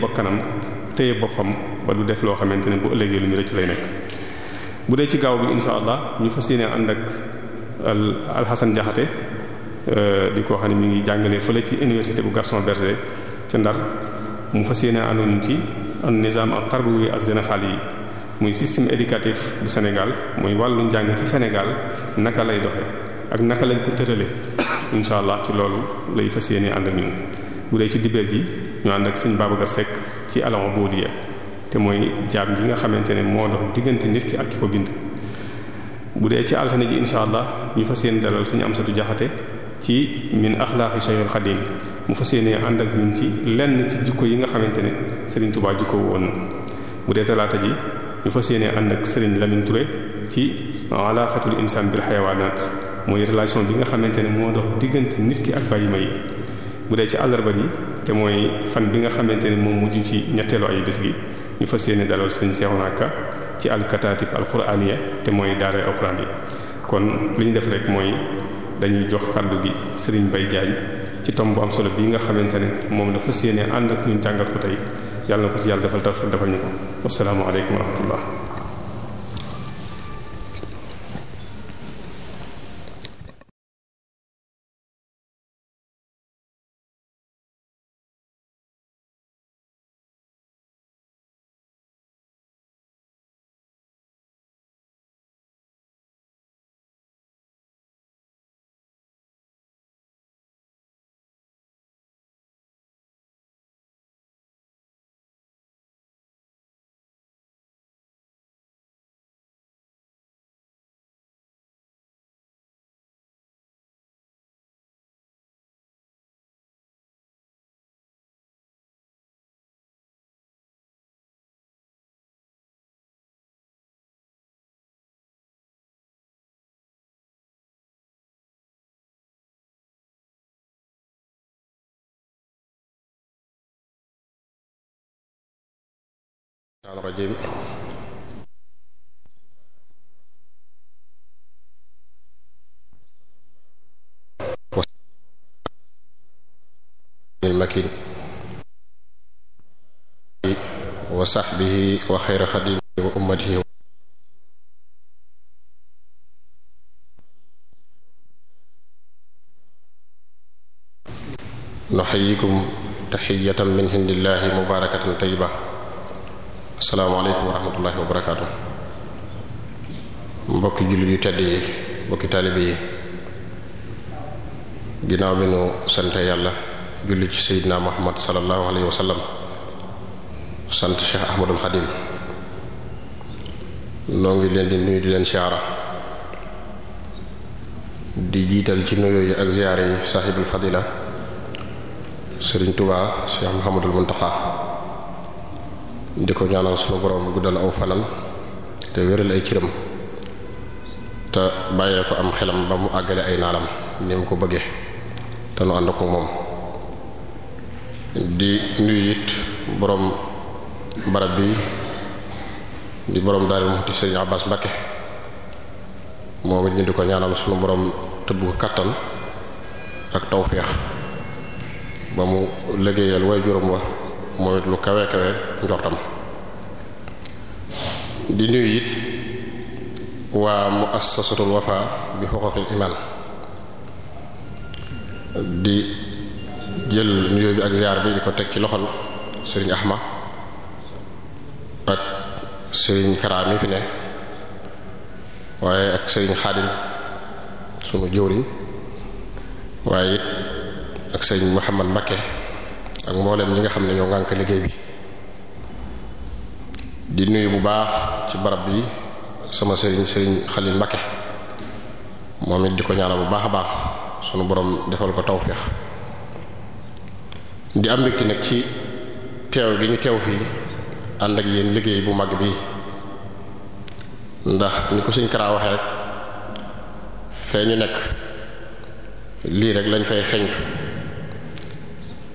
bakkanam téye boppam ba du def loo xamante ne bu ëllëgee lu ñu rëcc lay nekk bu dee ci gaaw bi insha allah ñu fas yéene ànd ak alxasan jaxate euh, di ko xam ne mu ngi jàngale fële ci université bu Gaston Berger ca Ndar mu fas yéene àndoon ci an nizam ak tarbiya az-zinaxal yi muy système éducatif bu Sénégal muy wàllu njàng ci Sénégal naka lay doxe ak naka lañ ko tërale insha allah ci loolu lay fas yéene ànd ak ñun bu dee ci dibeer ji ñu ànd ak sëñ Babacar Seck ci alama boodiya te mooy jaam yi nga xamante ne moo dox diggante nit ki ak ki ko bind bu dee ci altine ji insha allah ñu fa yéene dalal am amsatu jaxate ci min axlaaqi Seexul Xadiim mu fas yéene ànd ak ñun ci lenn ci jikko yi nga xamante ne Serigne Touba jikko woon na bu dee talaata ji ñu fas yéene ànd ak Serigne Lamine Touré ci alaaqatul insaan bil xayawaanaat mooy relation bi nga xamante ne moo dox diggante nit ki ak bàyyima yi bu dee ci àllarba ji te mooy fan bi nga xamante ne moom mujj ci ñetteelu ay bés gi ñu fas yéene dalal sëñ Seexuna Ka ci alkataatib alquraaniya te mooy daara alquraan yi kon li ñu def rek mooy dañuy jox kàddu gi sëriñ Bay Jaañ ci tom bu am solo bii nga xamante ne moom dafa fas yéene ànd ak ñun jàngat ko tey yàlla na ko ci yàlla dafa tawfiq defal ñu ko wassalaamu aleykum wa الشيطان الرجيم المكين وصحبه وخير خديمه وأمته نحييكم تحية من عند الله مباركة طيبة asalaamaaleykum wa rahmatullahi wa barakaatu mbokki jullit yu tedd yi mbokki taalibe yi ginnaaw bi nu sante yàlla julli ci seydina muhammad sallallahu alayhi sant cheikh ahmadul xadim noo ngi leen di nuyu di leen siyaara di jiital ci nuyoo yi ak ziyaare yi saaxibul fadila sëriñ tubaa cheikh muhammadul muntaxa di ko ñaanal sunu borom guddal aw fanam te wéral ay ciram te bàyyee ko am xelam ba mu àggale ay naalam ni mu ko bëggee te nu ànd ko moom di nuyu it barab bi di boroom daal mu xoti sëriñ Abbas Mbakke moom it ñu di ko ñaanal sunu borom tëbb ko kattan ak tawféex ba mu liggéeyal way juróom wa mooy lu kawe kawe njortam di nuyu it waa muassasatul wafa bi xuquqil iman di jël nuyoo bi ak ziar bi di ko teg ci loxol sëriñ Ahma ak sëriñ Kara yi fi ne waaye ak sëriñ Xaadim sunu jëwriñ waaye it ak sëriñ Muhammad Mbakke ak mboolem ñi nga xam ne ñoo ngànk liggéey bi di nuyu bu baax ci barab bi sama sëriñ sëriñ Xalil Mbakke moom it di ko ñaanal bu baax a baax sunu boroom defal ko tawféex di am mbégte nag ci teew gi ñu teew fii ànd ak yéen liggéey bu mag bi ndax ni ko suñ karaa waxee rek fee ñu nekk lii rek lañ fay xeñtu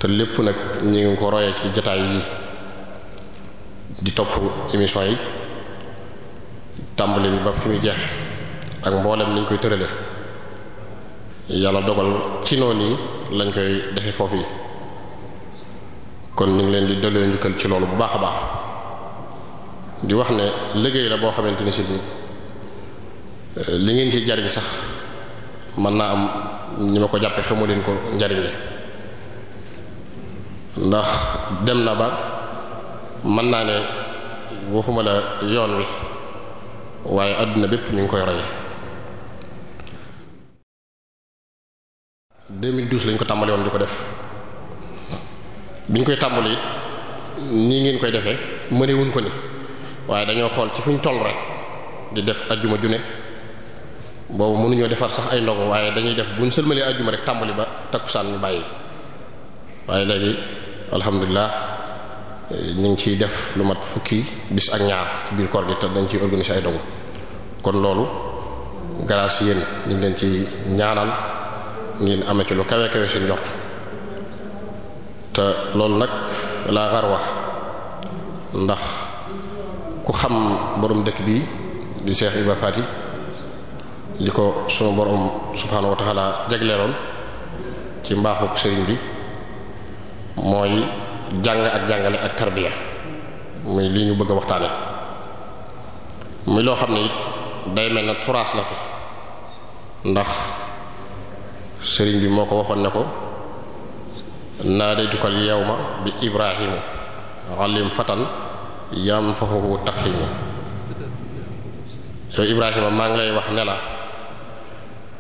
te lépp nag ñu ngi ko royee ci jataay yi di topp émission yi tàmbali bi ba fi muy jeex ak mboolem niñ koy tërale yàlla dogal ci noonu yi lañ koy defe foofu yi kon ñu ngi leen di delloo njukkal ci loolu bu baax a baax di wax ne liggéey la boo xamante ni si li ngeen ci jariñ sax mën naa am ñi ma ko jàppe xamu leen ko njariñ la ndax dem na ba mën naa ne waxuma la yoon wi waaye àdduna bépp ñu ngi koy roy 2012 lañ ko tàmbali woon di ko def biñ koy tàmbali nii ngeen koy defee mënewuñ ko ni waaye dañoo xool ci ñu toll rek di def ajjuma june boobu mënuñoo defar sax ay ndogu waaye dañuy def bu buñ sëlmalee ajjuma rek tàmbali ba takkusaan ñu bàyyi waaye léegi alhamdulilah ñu ngi ciy def lu mat fukki bis ak ñaar ci biir koor gi te dañ ci organiser ay dogu kon loolu grâce yéen ñu ngi ci ñaanal ngeen amee ci lu kawe kawe seen njort te loolu nag laa xar wax ndax ku xam borom dëkk bi di Cheikh Ibrahima Fati li ko sunu borom subhaanahu wa jagleeloon ci mbaaxu sëriñ bi mooy jàng ak jàngale ak tarbiya muy li ñu bëgg a waxtaane muy loo xam ne day mel na turaas la fi ndax sëriñ bi moo ko waxoon ne ko naadaytukal yawma bi ibrahimu alim fatan yam faxuhu tafhimu yow ibrahima maa ngi lay wax ne la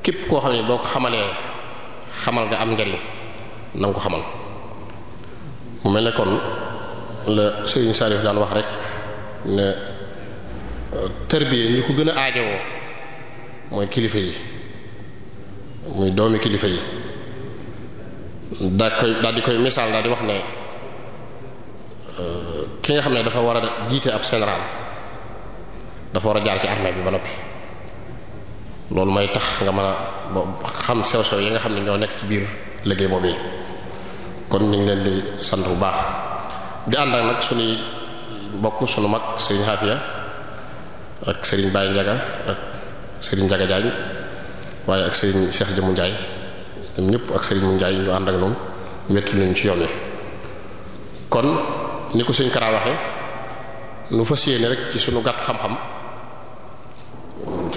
képp koo xam ne boo ko xamalee xamal nga am njariñ na xamal mu mel ne kon la Serigne Salif daan wax rek ne tërbiye ñi ko gën a aajowoo mooy kilifa yi muy doomi kilifa yi daa koy daal di koy misaal daal di wax ne ki nga xam ne dafa war a jiite ab général dafa war a jaar ci armée bi ba noppi loolu mooy tax nga mën a xam sew sew yi nga xam ne ñoo nekk ci biir liggéey boobu kon ñu ngi leen di sant bu baax di ànd ak nag suñuy mbokk suñu mag sëriñ Xaafiya ak sëriñ Baye njaga ak sëriñ Ndiaga Diagne waaye ak sëriñ Cheikh mu njaay ñoom ñëpp ak sëriñ mu Ndiaye ñu ànd ak noonu wettu nañu ci yoon wi kon ni ko suñ Kara waxe nu fas yéene rek ci suñu gàtt xam-xam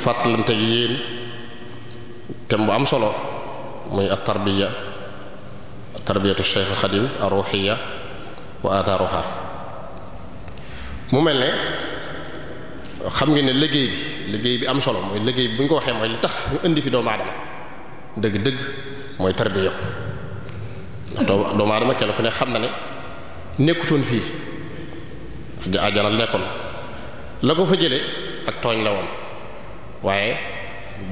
fàttalante gi te mu am solo muy at tarbiya tarbiyatu Cheikh Xadim ar-ruhiyya wa atharuha mu mel ne xam nga ne liggéey bi liggéey bi am solo mooy liggéey bi bu ñu ko waxee mooy li tax ñu indi fi doomu aadama dëgg-dëgg mooy tarbiya ko ndax doomu aadama kenn ku ne xam na ne nekkutoon fii ajana nekkoon la ko fa jële ak tooñ la woon waaye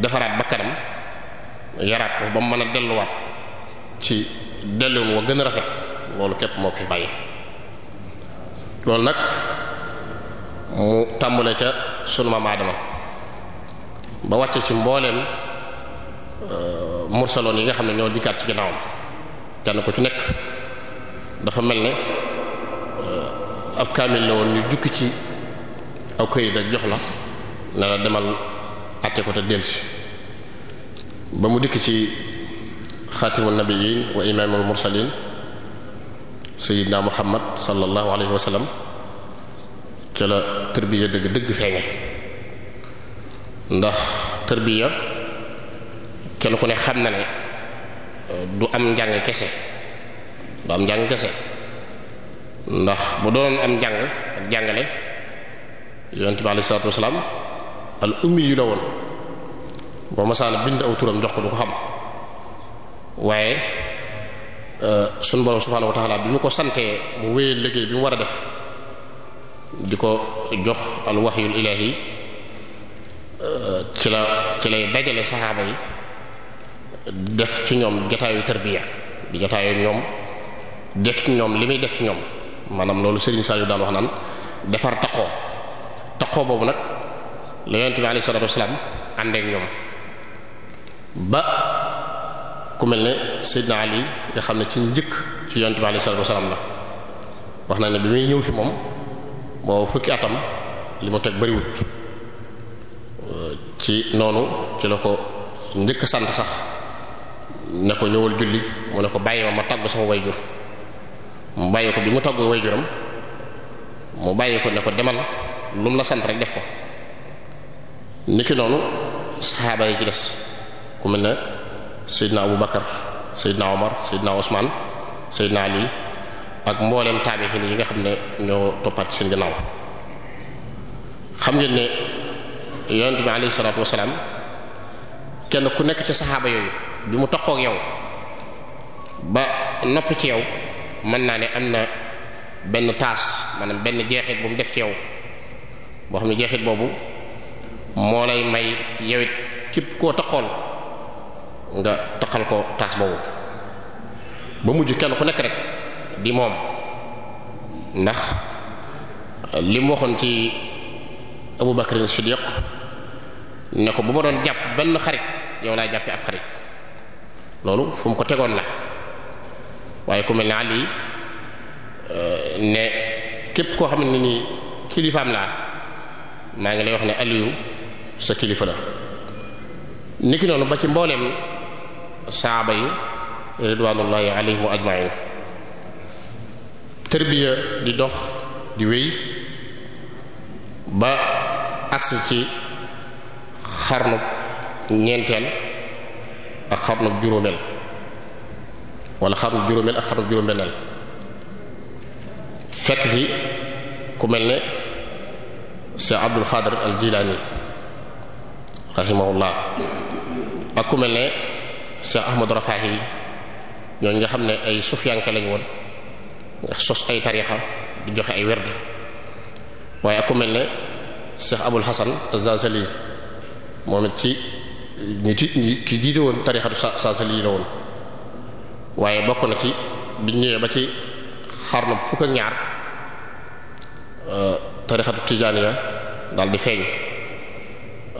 defaraat bakkanam yaraat ko ba mu mën a delluwaat ci delluwum wa gën a rafet loolu képp moo ko fi bàyyi loolu nag mu tàmbule ca sunu maam Aadama ba wàcce ci mbooleem euh, mursaloon yi nga xam ne ñoo dikkaat ci ginnaawam kenn ko ci nekk dafa mel ne euh, ab kaamil la woon ñu jukki ci aw këyit ak jox la ne la demal àtte ko te delsi ba mu dikk ci xaatimu nabiyiin wa imaamul mursaliin sayyidina muhammad sallallahu alayhi wa sallam ca la tërbiya dëgg dëgg feeñe ndax tërbiya kenn ku ne xam na ne uh, du am njàng kese du am njàng kese ndax bu doon am njàng ak jàngale yonent bi alayhi salaatu wasalaam al ummi yu la woon boo masaana bind aw jox ko du ko xam waaye euh, sunu borom subhaanahu wa ta'ala bi mu ko santee mu wéyee liggéey bi mu war a def di ko jox al wahyul ilaahi euh, ci la ci lay dajale saxaaba yi def ci ñoom jataayu tarbiya di jataayu ñoom def ci ñoom li muy def ci ñoom maanaam loolu Serigne Saliou daan wax naan defar taqoo taqoo boobu nag la yonent bi alayhi salaatu wasalaam àndeek ñoom ba ku mel ne Seydina Ali nga xam ne ci njëkk ci yant bi alayhi salaatu la wax na ne bi muy ñëw fi moom boo fukki atam li mu teg bariwut euh, ci noonu ci la ko njëkk sant sax ne ko ñëwal julli mu ne ko bàyyi ma ma tàggu sama wayjur mu bàyyi ko bi mu tàggu wayjuram mu bàyyi ko ne ko demal lu mu la sant rek def ko niki noonu saxaaba yi ci des ku mel ne seydina abu bakar seydina omar seydina osman seydina ali ak mbooleem taabixin yi nga xam ne ñoo toppaat seen gannaaw xam ngeen ne yonent bi alayhi salaatu wasalaam kenn ku nekk ci saxaaba yooyu bi mu toqook yow ba noppi ci yow mën naa ne am na benn taas maanaam benn jeexit bu mu def ci yow boo xam ne jeexit boobu moo lay may yowit képp koo toqoon nga taxal ko taas boobu ba mujj kenn ku nekk rek di moom ndax li mu waxoon ci Abu Bakr as-Siddiq ne ko bu ma doon jàpp benn xarit yow laa jàppee ab xarit loolu fu ko tegoon la waaye ku mel ne Ali euh, ne képp koo xam ne nii kilifaam laa maa ngi lay wax ne Aliou sa kilifa la niki noonu ba ci mbooleem saaba yi ridwanullahi alayhim wa tërbiya di dox di wéy ba agsi ci xarnu ñeenteel ak xarnu juróomeel wala xarnu juróomeel ak xarnu juróom-benneel fekk fi ku mel ne Cheikh Abdul Xaadir al Jilaani rahimahullah ak ku mel ne Cheikh Ahmadou Rafahi yi ñooñu nga xam ne ay sufiyanke lañu woon nga sos ay tarixa di joxe ay werd waaye ak ku mel ne Cheikh Abul Hasan Zazali moom it ci ñi ci ñi ki jiite woon tarixatu Zazali la woon waaye bokk na ci biñ ñëwee ba ci xarnu fukk ak ñaar euh, tarixatu Tijaaniya daal di feeñ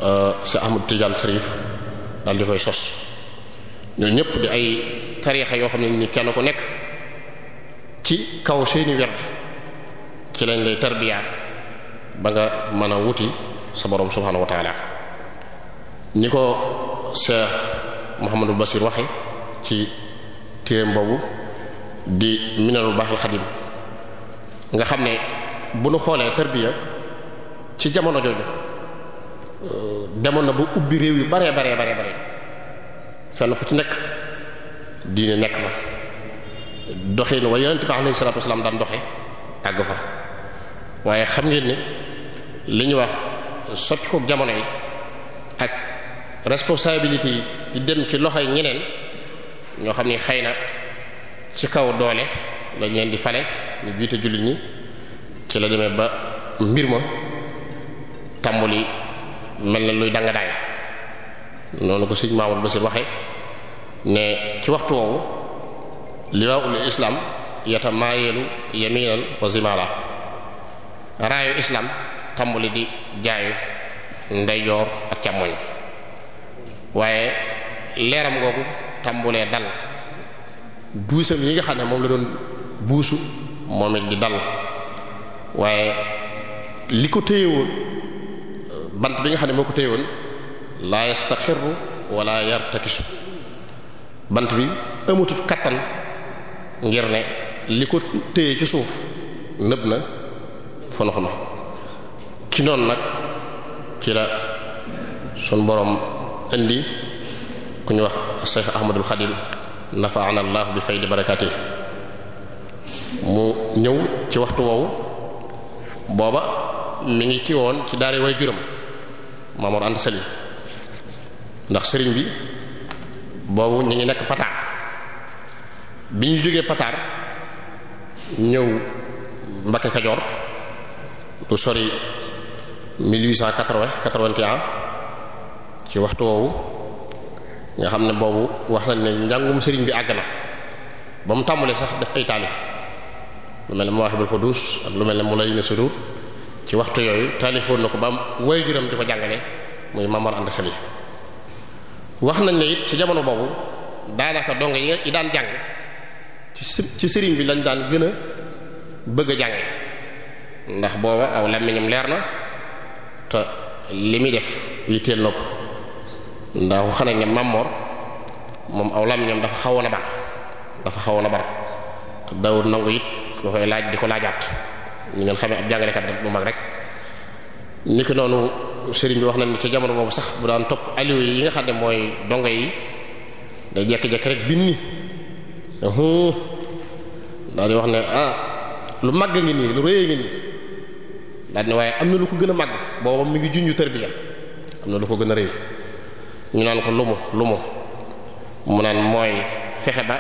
euh, Cheikh Ahmad Tijaan Sariif daal di koy sos ñooñu ñëpp di ay tariixa yoo xam ne ni kenn ko nekk ci kaw seeni werd ci lañ lay tarbiya ba nga mën a wuti sa borom subhaanahu wa taala ni ko Cheikh Mouhamadul Basir waxe ci téereem boobu di minalul baaxil xadim nga xam ne bu nu xoolee tarbiya ci jamono jooju demoon na bu ubbi réew yu bare bare bare bare fenn fu ci nekk diine nekk fa doxin wa yonent bi alayhi salaatu wasalaam daan doxe àgg fa waaye xam ngeen ne li ñu wax soppi ko jamono yi ak responsabilité yi di dem ci loxoy ñeneen ñoo xam ni xëy na ci kaw doole lañ leen di fale ñu jiite jullit ñi ci la demee ba mbir ma tàmbali mel na luy danga noonu ko sëñ Mamadou Bassir waxe ne ci waxtu woowu liwaaul islam yatamaayeelu yaminan wa zimala raayu islam tàmbali di jaayu ndeyjoor ak càmmoñ waaye leeram googu tàmbulee dal buusam yi nga xam ne moom la doon buusu moom it di dal waaye li ko téye woon bant bi nga xam ne moo ko téye woon laa yastaxirru wala yartakisu bant bi amatut kattan ngir ne li ko téye ci suuf nëb na fonox na ci noonu nag ci la sun boroom indi ku ñu wax Cheikh Ahmadul Xadim nafaana allah bi fay barakaati mu ñëw ci waxtu woowu booba mu ngi ci woon ci daara way juróom Maamor Anta Sali ndax sëriñ bi boobu ñu ngi nekk pataar bi ñu jógee pataar ñëw Mbakke Kajoor lu sori 1880 81 ci waxtu woowu nga xam ne boobu wax nañ ne njàngum sëriñ bi àgg na ba mu tàmbulee sax def ay taalif lu mel ne Mawahibul Qudus ak lu mel ne Mulayyinu Sudur ci waxtu yooyu taalifoon na ko ba am waajuram di ko jàngale muy Mamar Anta Sali wax nañ ne it ci jamono boobu daanaka dong yi daan jàng ci ci sëriñ bi lañ daan gën bëgg a jàng ndax booba aw làmmiñam leer na te li muy def yitteel na ko ndax wax nañ ne Mamor moom aw làmmiñam dafa xawoon a bar dafa xawoon a bar te dawul nangu it nga koy laaj di ko laajaat ñu ngeen xamee ab jàngalekat bu mag rek ni noonu. sëriñ bi wax na ni ca jamono boobu sax bu daan topp aliou yi nga xam ne mooy dongo yi day jekki-jekki rek binni wax ne ah, lu màgg ngi nii lu rëy ngi waaye am na lu ko gën a màgg booba mi ngi junju tarbiya am na lu ko gën a rëy ñu naan ko lumu lumu mu naan mooy fexe ba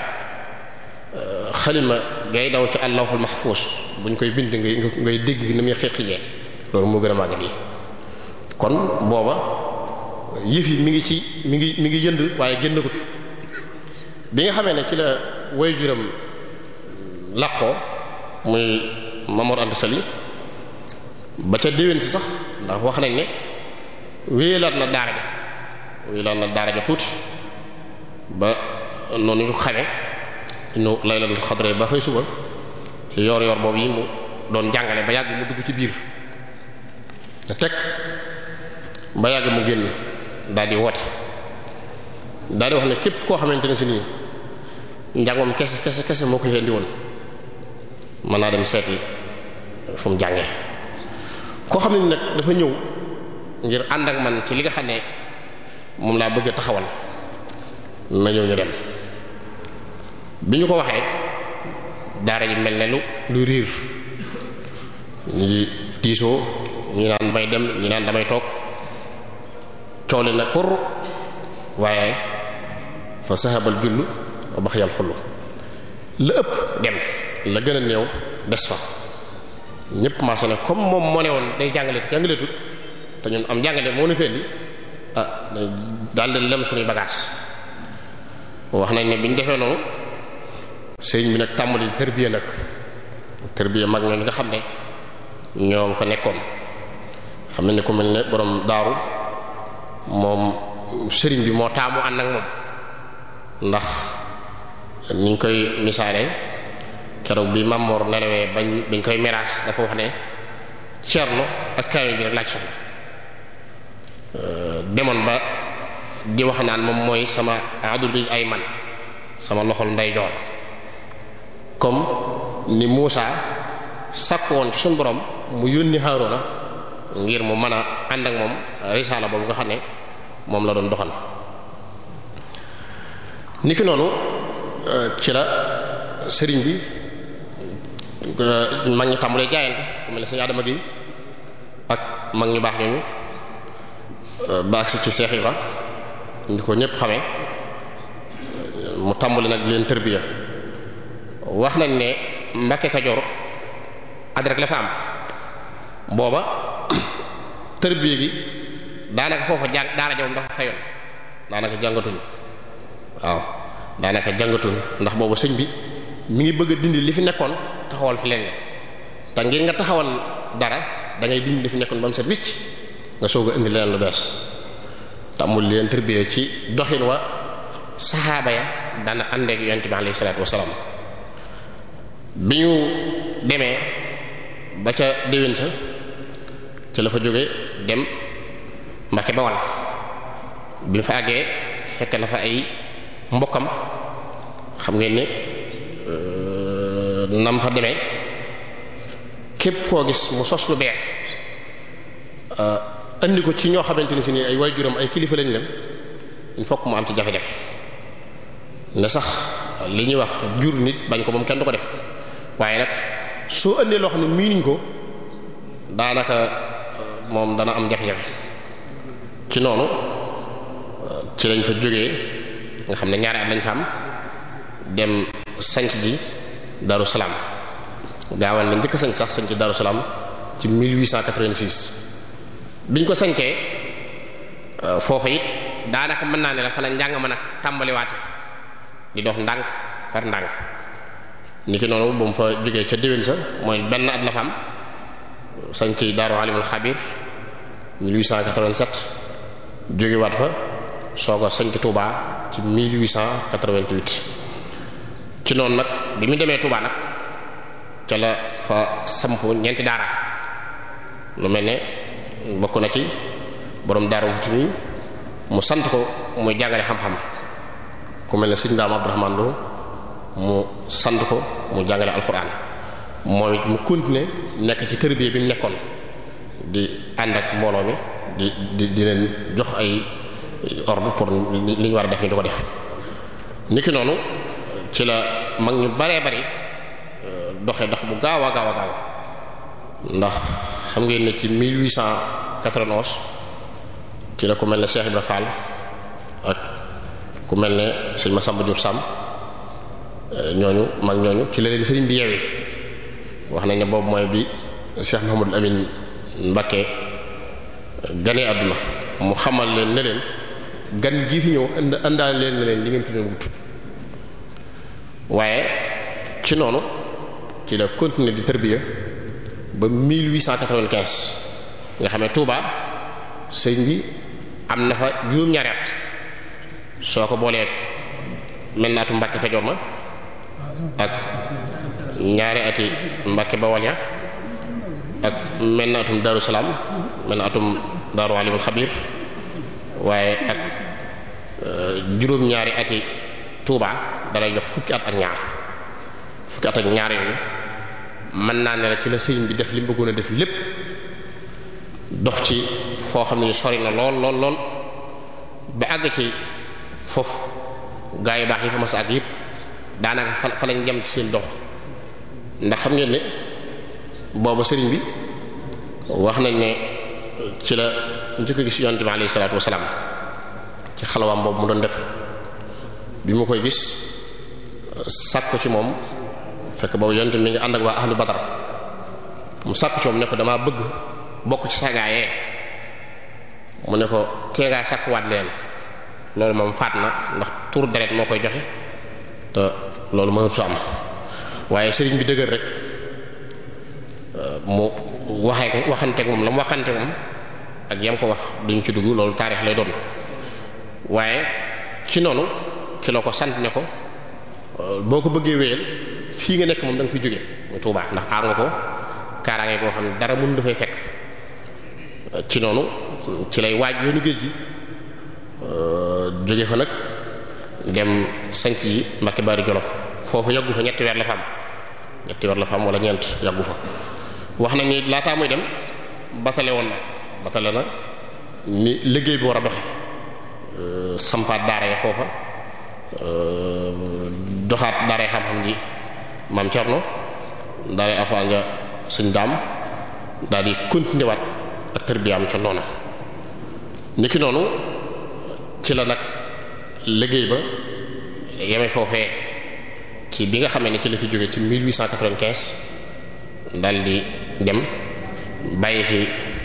euh, xalima ngay daw ci allahul mahfuz buñ koy bind ngay ngay dégg ni muy xeqijee loolu moo gën a màgg lii kon booba yëf yi mi ngi ci mi ngi mi ngi yënd waaye génnagut bi nga xamee ne ci la way juram làqoo muy Mamor Anta Sali ba ca déwén si sax ndax wax nañ ne wéyelaat na daara ja wéyelaat na daara ja tuuti ba noonu ñu xamee ñu laylatul xadre ba xëy suba ci yoor yoor boobu yi mu doon jàngale ba yàgg mu dugg ci biir te teg ba yàgg mu génn daal di woote daal di wax ne képp koo xamante ne si nii njàngoom kese kese kese moo ko yëndi woon mën naa dem seeti fu mu jàngee koo xam ne nag dafa ñëw ngir ànd ak man ci li nga xam ne moom laa bëgg taxawal na ñëw ñu dem bi ñu ko waxee daara ji mel ne lu lu riir ñu ngi tiisoo ñi naan damay dem ñi naan damay toog coow li na kur waaye fa saxabal jullu bax yàlla xullu la ëpp dem la gën a néew des fa ñëpp maasa ne comme moom moo ne woon day jàngale te jàngaleetut te ñun am jàngale moo ne fenn ah daal di lem suñuy bagage wax nañ ne bi ñu defee noonu sëñ bi nag tàmbali tërbiya nag tërbiya mag ñooñu nga xam ne ñoo fa nekkoon xam ne ni ku ne borom daaru moom sëriñ bi moo taamu ànd ak moom ndax ni koy misaale keroog bi Mamor nelawee bañ bañ koy miraas dafa wax ne cerno ak kawe bi laaj soxla euh, demoon ba di wax naan moom mooy sama adul ay man sama loxol ndeyjoor comme ni Muusa sàkk woon ci borom mu yónni Haaruna ngir mu mën a ànd ak moom euh, risaala boobu nga xam ne moom la doon doxal niki noonu euh, ci la sëriñ bi euh, mag ñu tàmbalee jaayante ku mel ne Sëriñ Adama Gueye ak mag ñu baax ñooñu baax si ci Seex Ibra ñu ko ñépp xame mu tàmbali nag leen tërbiya wax nañ ne Mbakke Kajoor ad rek la fa am booba tërbiye gi daanaka foofa jàng daara daanaka jàngatuñ waaw daanaka jàngatuñ ndax boobu sëñ bi mu ngi bëgg a dindi li fi nekkoon taxawal fi leen te ngir nga taxawal dara da ngay dindi li fi nekkoon ba mu set wicc nga soog indi leneen lu bees te leen tërbiye ci doxin wa saxaaba ya dana àndeek yonent bi alayhi salaatu wasalaam bi ñu demee ba ca déwén sa ci la fa jóge dem Mbàkke Bawal bi fa àggee fekk na fa ay mbokkam xam ngeen ni euh, nam fa demee képp koo gis mu sos lu beex euh, andi ko ci ñoo xamante ni si ni ay waajuram ay kilifa lañ leen il faut mu am ci jafe-jafe ne sax li ñuy wax jur nit bañ ko moom kenn du ko def waaye nag soo andee loo xam ne miinuñ ko daanaka moom dana am jafe-jafe ci noonu ci lañ fa jógee nga xam ne ñaari at lañ fa am dem sanc ji Darou Salam gaawal lañ njëkk sanc sax sanc Darou Salam ci 1886 biñ ko sancee euh, foofa it daanaka mën naa ne la fa la njàng ma nag tàmbaliwaate di dox ndànk par ndànk ni ki noonu ba mu fa jógee ca déwén sa mooy benn at la fa am sañci daaru alimul xabir 1887 jógewaat fa soog a sañc Touba ci 1888 ci noonu nag bi mu demee Touba nag ca la fa samp ñeenti daara lu mel ni bokk na ci boroom daara wu ci mu sant ko mu jàngale xam-xam ku mel ni sëñ Daam Abdurahmaan mu sant ko mu jàngale alxuraan moom it mu continuer nekk ci tërbiye bi mu nekkoon di ànd ak mbooloo mi di di di leen jox ay ordre pour li ñu war a def ñu di ko def niki noonu ci la mag ñu baree bari euh, doxe dax bu gaaw a gaaw ndax xam ngeen ne ci 1891 ci la ku mel ne Cheikh Ibra Fall ak ku mel ne sëñ Massamba Diop Samb euh, ñooñu mag ñooñu ci la leen sëriñ bi yeewee wax nañ ne boobu mooy bi Cheikh Mouhamadul Amin Mbacké gane àdduna mu xamal leen ne leen gan gii fi ñëw ind indaale leen ne leen li ngeen fi doon wut waaye ci noonu ci la continuer di tarbiya ba 1895 nga xam ne Touba sëñ bi am na fa juróom-ñaari at soo ko boolee mel naatu Mbàkke Kajoor ma ñaari ati Mbàkke Bawol ya ak mel na atum Daaru Salaam mel na atum Daaru Alimul Xabiir waaye ak euh, juróom-ñaari ati tuuba dalay jox fukki at ak ñaar fukki at ak ñaar yooyu mën naa ne ci la sëriñ bi def li mu bëggoon a def lépp dox ci foo xam ne ni sori na lool lool lool ba àgg ci foofu gaa yu baax yi fa mas ak yëpp daanaka fa fa lañ jëm ci seen dox ndax xam ngeen ne boobu sëriñ bi wax nañ ne ci la njëkk a gis yont bi alayhi salaatu wasalaam ci xalawam boobu mu doon def bi mu koy gis ko ci moom fekk boobu yonent mi ngi ànd ak waa ahlu badar mu sàkku ci moom ne ko damaa bëgg bokk ci saagaayee mu ne ko teegaa sàkkuwaat leen loolu moom faat na ndax tuur deret moo koy joxe te loolu mënut su am waaye sëriñ bi dëgër rek euh, mu waxee ko waxante moom la mu waxante moom ak yam ko wax duñ ci dugg loolu taarix lay doon waaye ci noonu ci la ko sant ne ko euh, boo ko bëggee wéyal fii nga nekk moom da nga fi jóge mu Tuubaa ndax aar nga ko kaaraange koo xam ne dara mun dafay fekk euh, ci noonu ci lay waaj yoonu géej gi jóge fa nag dem sanc yi Mbakke Bari Jolof foofu yàggu fa ñetti weer la fa am ñetti weer la fa am wala ñeent yàggu fa wax na ni laataa muy dem batale woon na batale na ni liggéey bi war a doxe euh, sampaat daara ya foofa euh, doxaat daara xam-xam ji maam Cerno daara alxuraan ja suñ daam daal di continuer waat ak tarbiyaam ca noona niki noonu ci la nag liggéey ba yeme foofee ci bi nga xamee ne ci la fi jóge ci 1895 dal di dem bàyyi fi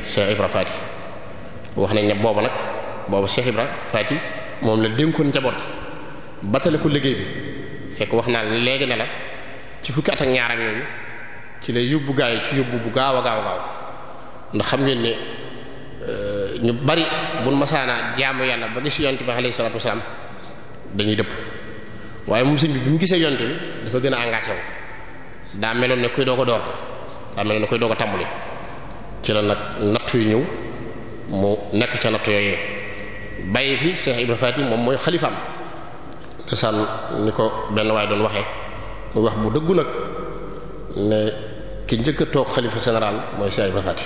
Cheikh Ibra Fati wax nañ ne booba nag booba Cheikh Ibra Fati moom la dénkoon njaboot batale ko liggéey bi fekk wax naa la léegi ne la ci fukki at ak ñaar yooyu ci la yóbbu gaa ci yóbbu bu gaaw a gaaw gaaw ndax xam ngeen ne euh, ñu bari buñ masaana jaamu yàlla ba gis yonent bi alayhi salaatu wasalaam dañuy dëpp waaye moom bi bi mu gisee yonte bi dafa gën a engagé daa meloon ne koy doog a door daa meloon ne koy doog a tàmbali ci la nag nattu yu ñëw mu nekk ca nattu yooyu bàyyi fi Cheikh Ibrahima moom mooy xalifaam desaan ni ko benn waaye doon waxee wax bu dëggu nag ne ki njëkk a toog xalifa général mooy Cheikh Ibrahima Fati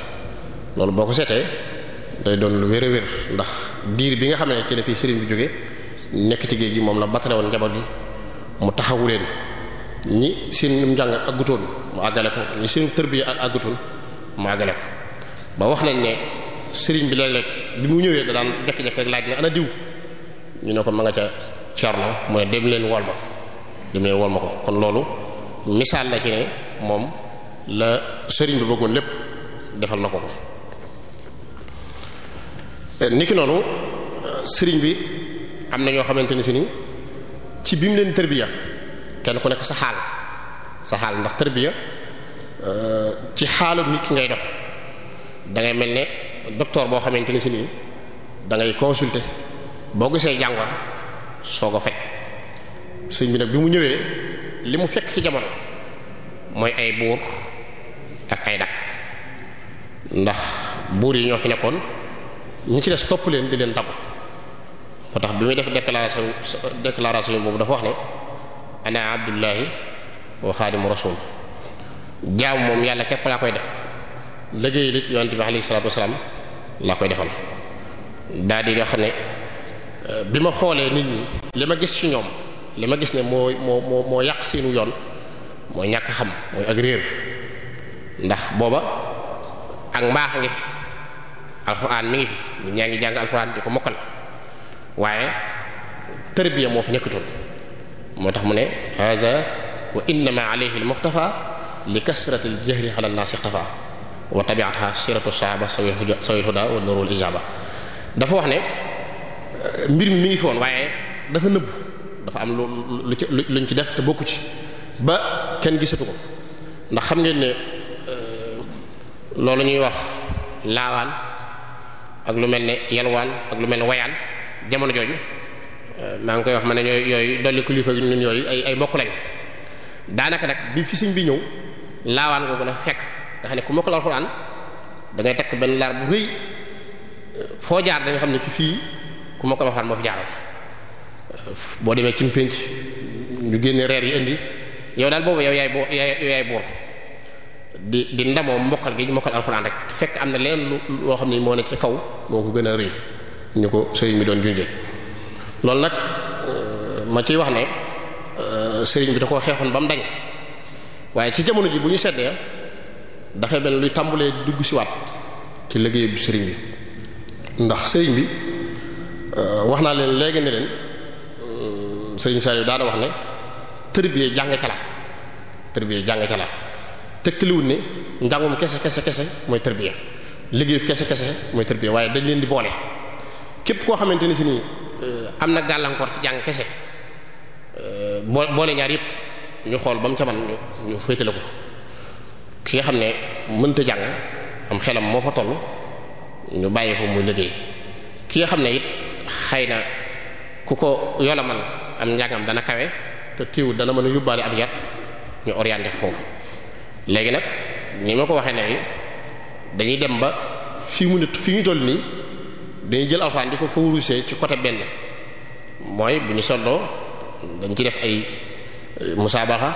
loolu boo ko seetee day doon lu wér a wér ndax diir bi nga xam ne ci la fi bi jóge nekk ci géej gi moom la batale woon njaboot gi mu taxawu leen ñi seen njàng ak àggutoon mu àggale ko ñi seen tërbiya ak àggutoon mu àggale ko ba wax nañ ne sëriñ bi léeg-léeg bi mu ñëwee da daan jekki-jekki rek laaj ne ana diw ñu ne ko ma nga ca Cerno mu ne dem leen wol ma dem leen wol ko kon loolu misaal la ci ne moom la sëriñ bi bëggoon lépp defal na ko ko eh, niki noonu eh, sëriñ bi am na ñoo xamante ni si ci bi mu leen tërbiya kenn ku nekk sa xaal sa xaal ndax tërbiya euh, ci xaalub nit ki ngay dox da ngay mel ne docteur boo xamante ne si nii da ngay consulter boo gisee jàngor soo ko faj sëñ bi nag bi mu ñëwee li mu fekk ci jamono mooy ay buur ak ay dag ndax buur yi ñoo fi nekkoon ñi ci des topp leen di leen dabu moo tax bi muy def déclaration déclaration boobu dafa wax ne ana abdullahi wa xaadimu jaam moom yàlla képp laa koy def liggéey lit yonent bi alayhi salaatu wasalaam laa koy defal daal di nga ne bi ma xoolee nit ñi li ma gis ci ñoom li ma gis ne moo moo moo moo yàq seenu yoon moo ñàkk xam mooy ak réer ndax booba ak mbaax ngi fi alxuraan mi ngi fi ñaa ngi jàng alxuraan di ko mokkal waaye tarbiya moo fi nekkatul moo tax mu ne haza wa innama alayhi al muxtafa li kasrati al jahri ala nnaasi ixtafa wa tabiatha siratu saaba sawil huda wa nurul ijaba dafa wax ne mbir mi mi ngi fi woon waaye dafa nëbbu dafa am lu lu ci def te bokku ci ba kenn gisatu ko ndax xam ngeen ne loolu ñuy wax laawaan ak lu mel ne yalwaan ak lu mel ne woyaan jamono jooju euh, maa ngi koy wax ma ne yooyu yooyu dolli kilifa ñun yooyu ay ay bokk lañ daanaka nag bi fi sëñ bi ñëw laawaan googu la fekk nga xam ne ku mokkal alxuraan da ngay takk benn laar bu rëy euh, foo jaar da xam ne ci fii ku mokkal alxuraan moo fi jaaroon euh, boo demee ci pénc ñu génne reer yi indi yow daal boobu yow yaay boo yaay buur di di ndamoo mbokkal gi mokkal alxuraan rek fekk am na leen lu loo xam ne moo ne ci kaw moo ko gën a rëy ñu ko sëriñ bi doon junje loolu nag ma ciy wax ne sëriñ bi da xeexoon ba mu waaye ci jamono ji bu ñu seddee dafay mel luy tàmbulee dugg siwaat ci liggéey bu sëriñ bi ndax sëriñ bi wax naa leen léegi ne leen sëriñ Saliou daana wax ne tërbiyee jàng ca la jàng ca la tëkkaliwul ne njàngum kese kese kese mooy tërbiyee liggéey kese kese mooy tërbiyee waaye dañ leen di boole képp koo xamante ne si nii euh, am na gàllankoor ci jàng kese euh, boo boole ñaar yëpp ñu xool ba mu ca man ñu féetale ko ki nga xam ne mënta jàng am xelam moo fa toll ñu bàyyi ko muy liggéey ki nga xam ne it xëy na ku ko yola man am njàngam dana kawe te tiw dana mën a yóbbaale ab yar ñu orienté foofu léegi nag ni ma ko waxee ne dañuy dem ba fii mu ne fii ñu toll nii dañuy jël alxuraan di ko fawrusee ci côté benn mooy bu ñu solloo dañ ci def ay musaabaxa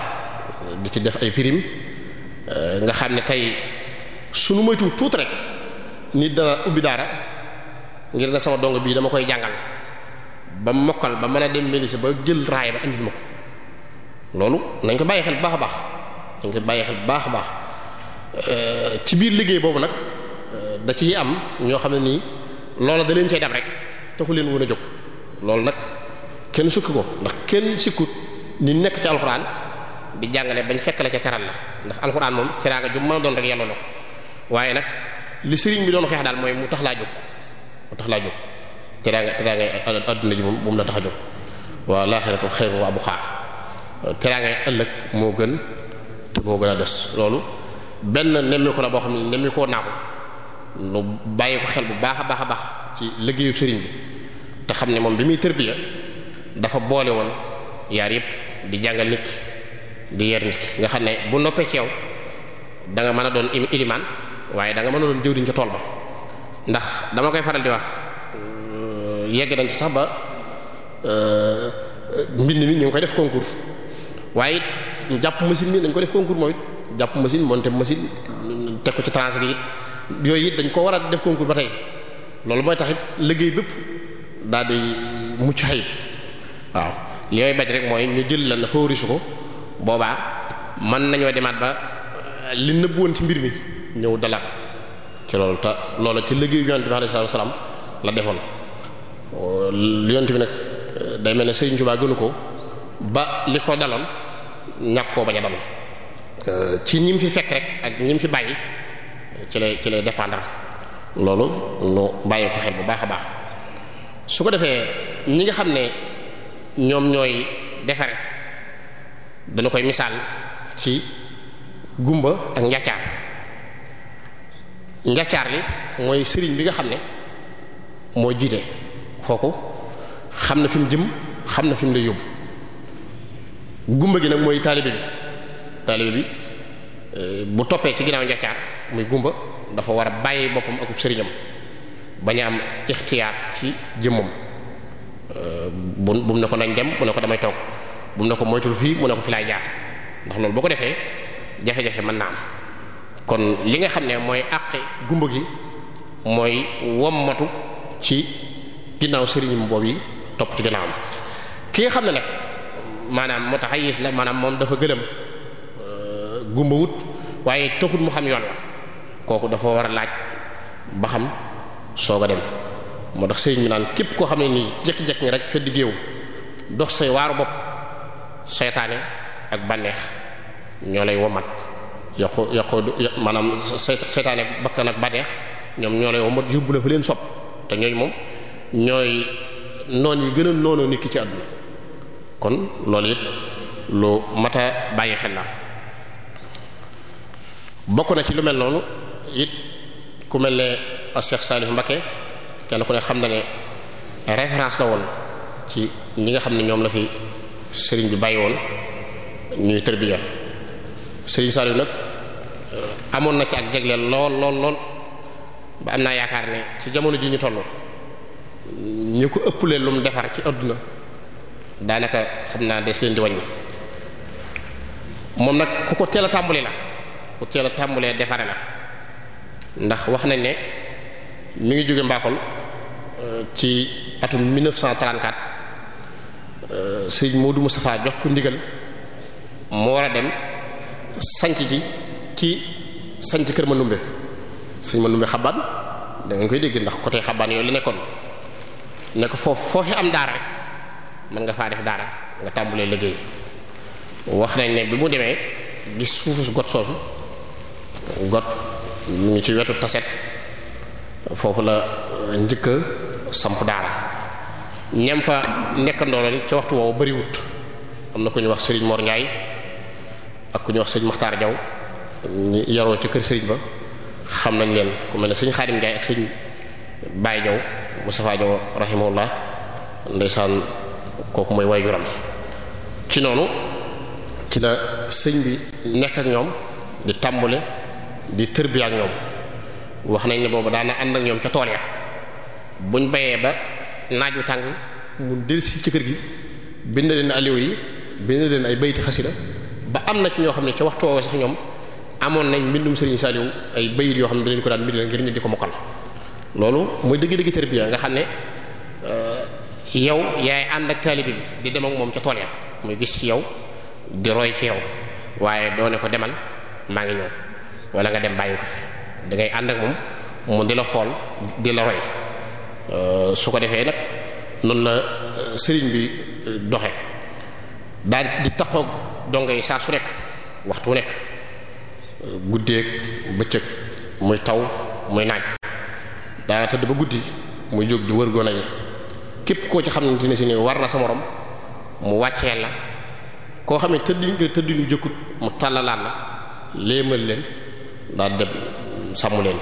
di ci def ay prime euh, nga xam ne tey sunu moytu tuuti rek nit dana ubbi daara ngir na sama dongo bii dama koy jàngal ba mokkal ba mën a dem melise ba jël raay ba indil ma ko loolu nañ ko bàyyi xel baax a baax nañ ko bàyyi baax a baax euh, ci biir liggéey boobu nag euh, da ciy am ñoo xam ne nii loola da leen cay dab rek taxu leen woon a jóg loolu nag kenn sukki ko ndax kenn sikkut ni nekk ci alxuraan di jàngale bañ fekk la ca teral la ndax alxuraan moom teraanga ju mën a doon rek yelloo na ko waaye nag li sëriñ bi doon xeex daal mooy mu tax laa jóg mu tax laa jóg teraanga teraanga adduna ji moom bu mu la tax a jóg waa laaxiratu xayru wa abqa teraanga ëllëg moo gën te moo gën a des loolu benn nemmi ko la boo xam ne nemmi koo naa ko nu bàyyi ko xel bu baax a baax a baax ci liggéeyu sëriñ bi te xam ne moom bi muy tërbiya dafa boole woon yar yëpp di jàngal nit di yer nit nga xam ne bu noppee ci yow danga mën a doon ilimaan waaye danga mën a doon jëwriñ ca tool ba ndax dama koy faral di wax euh, yegg nañ ci sax ba euh, mbind mi ñu ngi koy def concours waaye it jàpp machine mi dañ ko def concours mooy jàpp machine monter machine teg ko ci transit it yooyu it dañ ko war a def concours ba tey loolu mooy taxit liggéey bépp daal di mucc ayib waaw li may bañ rek mooy ñu jël la na favoriser ko boobaa mën nañoo demaat ba euh, li nëbb woon ci mbir mi ñëw dalaat ci loolu te loolu ci liggéeyu yonent bi alayhi salaatu wasalaam la defoon yonent bi nag euh, day mel ne Sëriñ Tuubaa gënu ko ba li ko daloon ñàkk koo bañ a daloon euh, ci ñi mu fi fekk rek ak ñi fi bàyyi ci lay ci lay dépendre loolu nu bàyyi ko xel bu baax a baax su ko defee ñi nga xam ne ñoom ñooy defare dañu koy misaal ci gumba ak njaccaar njaccaar li mooy sëriñ bi nga xam ne moo jiite kooku xam na fi mu jëm xam na fi mu lay yóbbu gumba gi nag mooy taalibe bi taalibe bi eh, bu toppee ci ginnaaw njaccaar muy gumba dafa war a bàyyi boppam akub sëriñam bañ a am ixtiyaar ci jëmmam euh, bu bu mu ne ko nañ dem mu ne ko damay toog bu mu ne ko moytul fii mu ne ko fi laay jaar ndax loolu boo ko defee jafe-jafe mën naa am kon li nga xam ne mooy àq gumba gi mooy wommatu ci ginnaaw sëriñam boobu yi topp ci ginnaawam ki nga xam ne nag maanaam moo tax ay yées la maanaam moom dafa gëlëm euh, gumba wut waaye taxut mu xam yoon la kooku dafa war a laaj ba xam soog a dem moo tax sëriñ bi naan képp koo xam ne nii jekk jekki nga rek fedd géew dox say waaru bopp seytaane ak bànneex ñoo lay womat yokku yokku maanaam seytaane bakkan ak bànneex ñoom ñoo lay womat yóbbu la fa leen sopp te ñooñu moom ñooy noon yi gën a noonu nit ki ci àdduna kon loolu it lu mat bàyyi xel la bokk na ci lu mel noonu it ku mel ne Cheikh Salif Mbacké kenn ku ne xam na ne référence la woon ci ñi nga xam ne ñoom la fi sëriñ bi bàyyi woon ñuy tërbiya sëriñ Salif nag euh, amoon na ci ak jegle lool lool lool ba am naa yaakaar ne ci jamono ji ñu toll ñu ko ëpple lu mu defar ci àdduna daanaka xam naa des leen di wàññi moom nag ku ko teel a tàmbali la ku teel a tàmbalee defare la ndax wax nañ ne mu ngi jóge Mbakol euh, ci atum 1934 euh, sëriñ Modou Moustapha jox ko ndigal mu war a dem sanc ji ci sanc kër Manumbe sëriñ Manumbe xabaan da ngeen koy dégg ndax côté xabaan yooyu lu nekkoon ne foofu foofu am daara rek nga faa def daara nga tàmbulee liggéey wax nañ ne bi mu demee gis suufu got soosu got mu ngi ci wetu taset foofu la euh, njëkk samp daara ñam fa nekkandoo lañ ca waxtu woowu bariwut am na ku ñu wax sëriñ Mor Ndiaye ak ku ñu wax sëñ Makhtar Diaw ñu yaroo ci kër sëriñ ba xam nañ leen ku mel ne sëñ Xaadim Ndiaye ak sëñ Baye Diaw Moustapha Diaw rahimahullah ndeysaan kooku mooy waajuram ci noonu ci la sëñ bi nekk ak ñoom di tàmbule di tërbiya ak ñoom wax nañ ne boobu daana ànd ak ñoom ca tool ya buñ bayee ba naaju tàng mu dellusi ci kër gi bind leen aliw yi bind leen ay bayti xasida ba am na ci ñoo xam ne ca waxtu woowu sax ñoom amoon nañ mbindum Serigne Saliou ay bayit yoo xam ne dañ ko daan mbind ngir ñu di ko mokkal loolu muy dëgg-dëgg tërbiya nga xam ne euh, yow yaay ànd ak taalibe bi di dem moom ca tool ya muy gis ci yow di roy ci yow waaye doo ne ko demal maa ngi ñëw wala nga dem bàyyi ko fi da ngay ànd ak moom mu di la xool di la roy euh, su ko defee nag noonu la euh, sëriñ bi euh, doxe daal di taxoog dongo yi saa su nekk waxtu nekk guddeeg bëccëg muy taw muy naaj daa tëdd ba guddi muy jóg di wër gone yi képp koo ci xamante ne si ni war na sa moroom mu wàccee la koo xam ne tëdd tëdd ñu jëkkut mu tàllalaat la léemal leen daal dem sàmm leen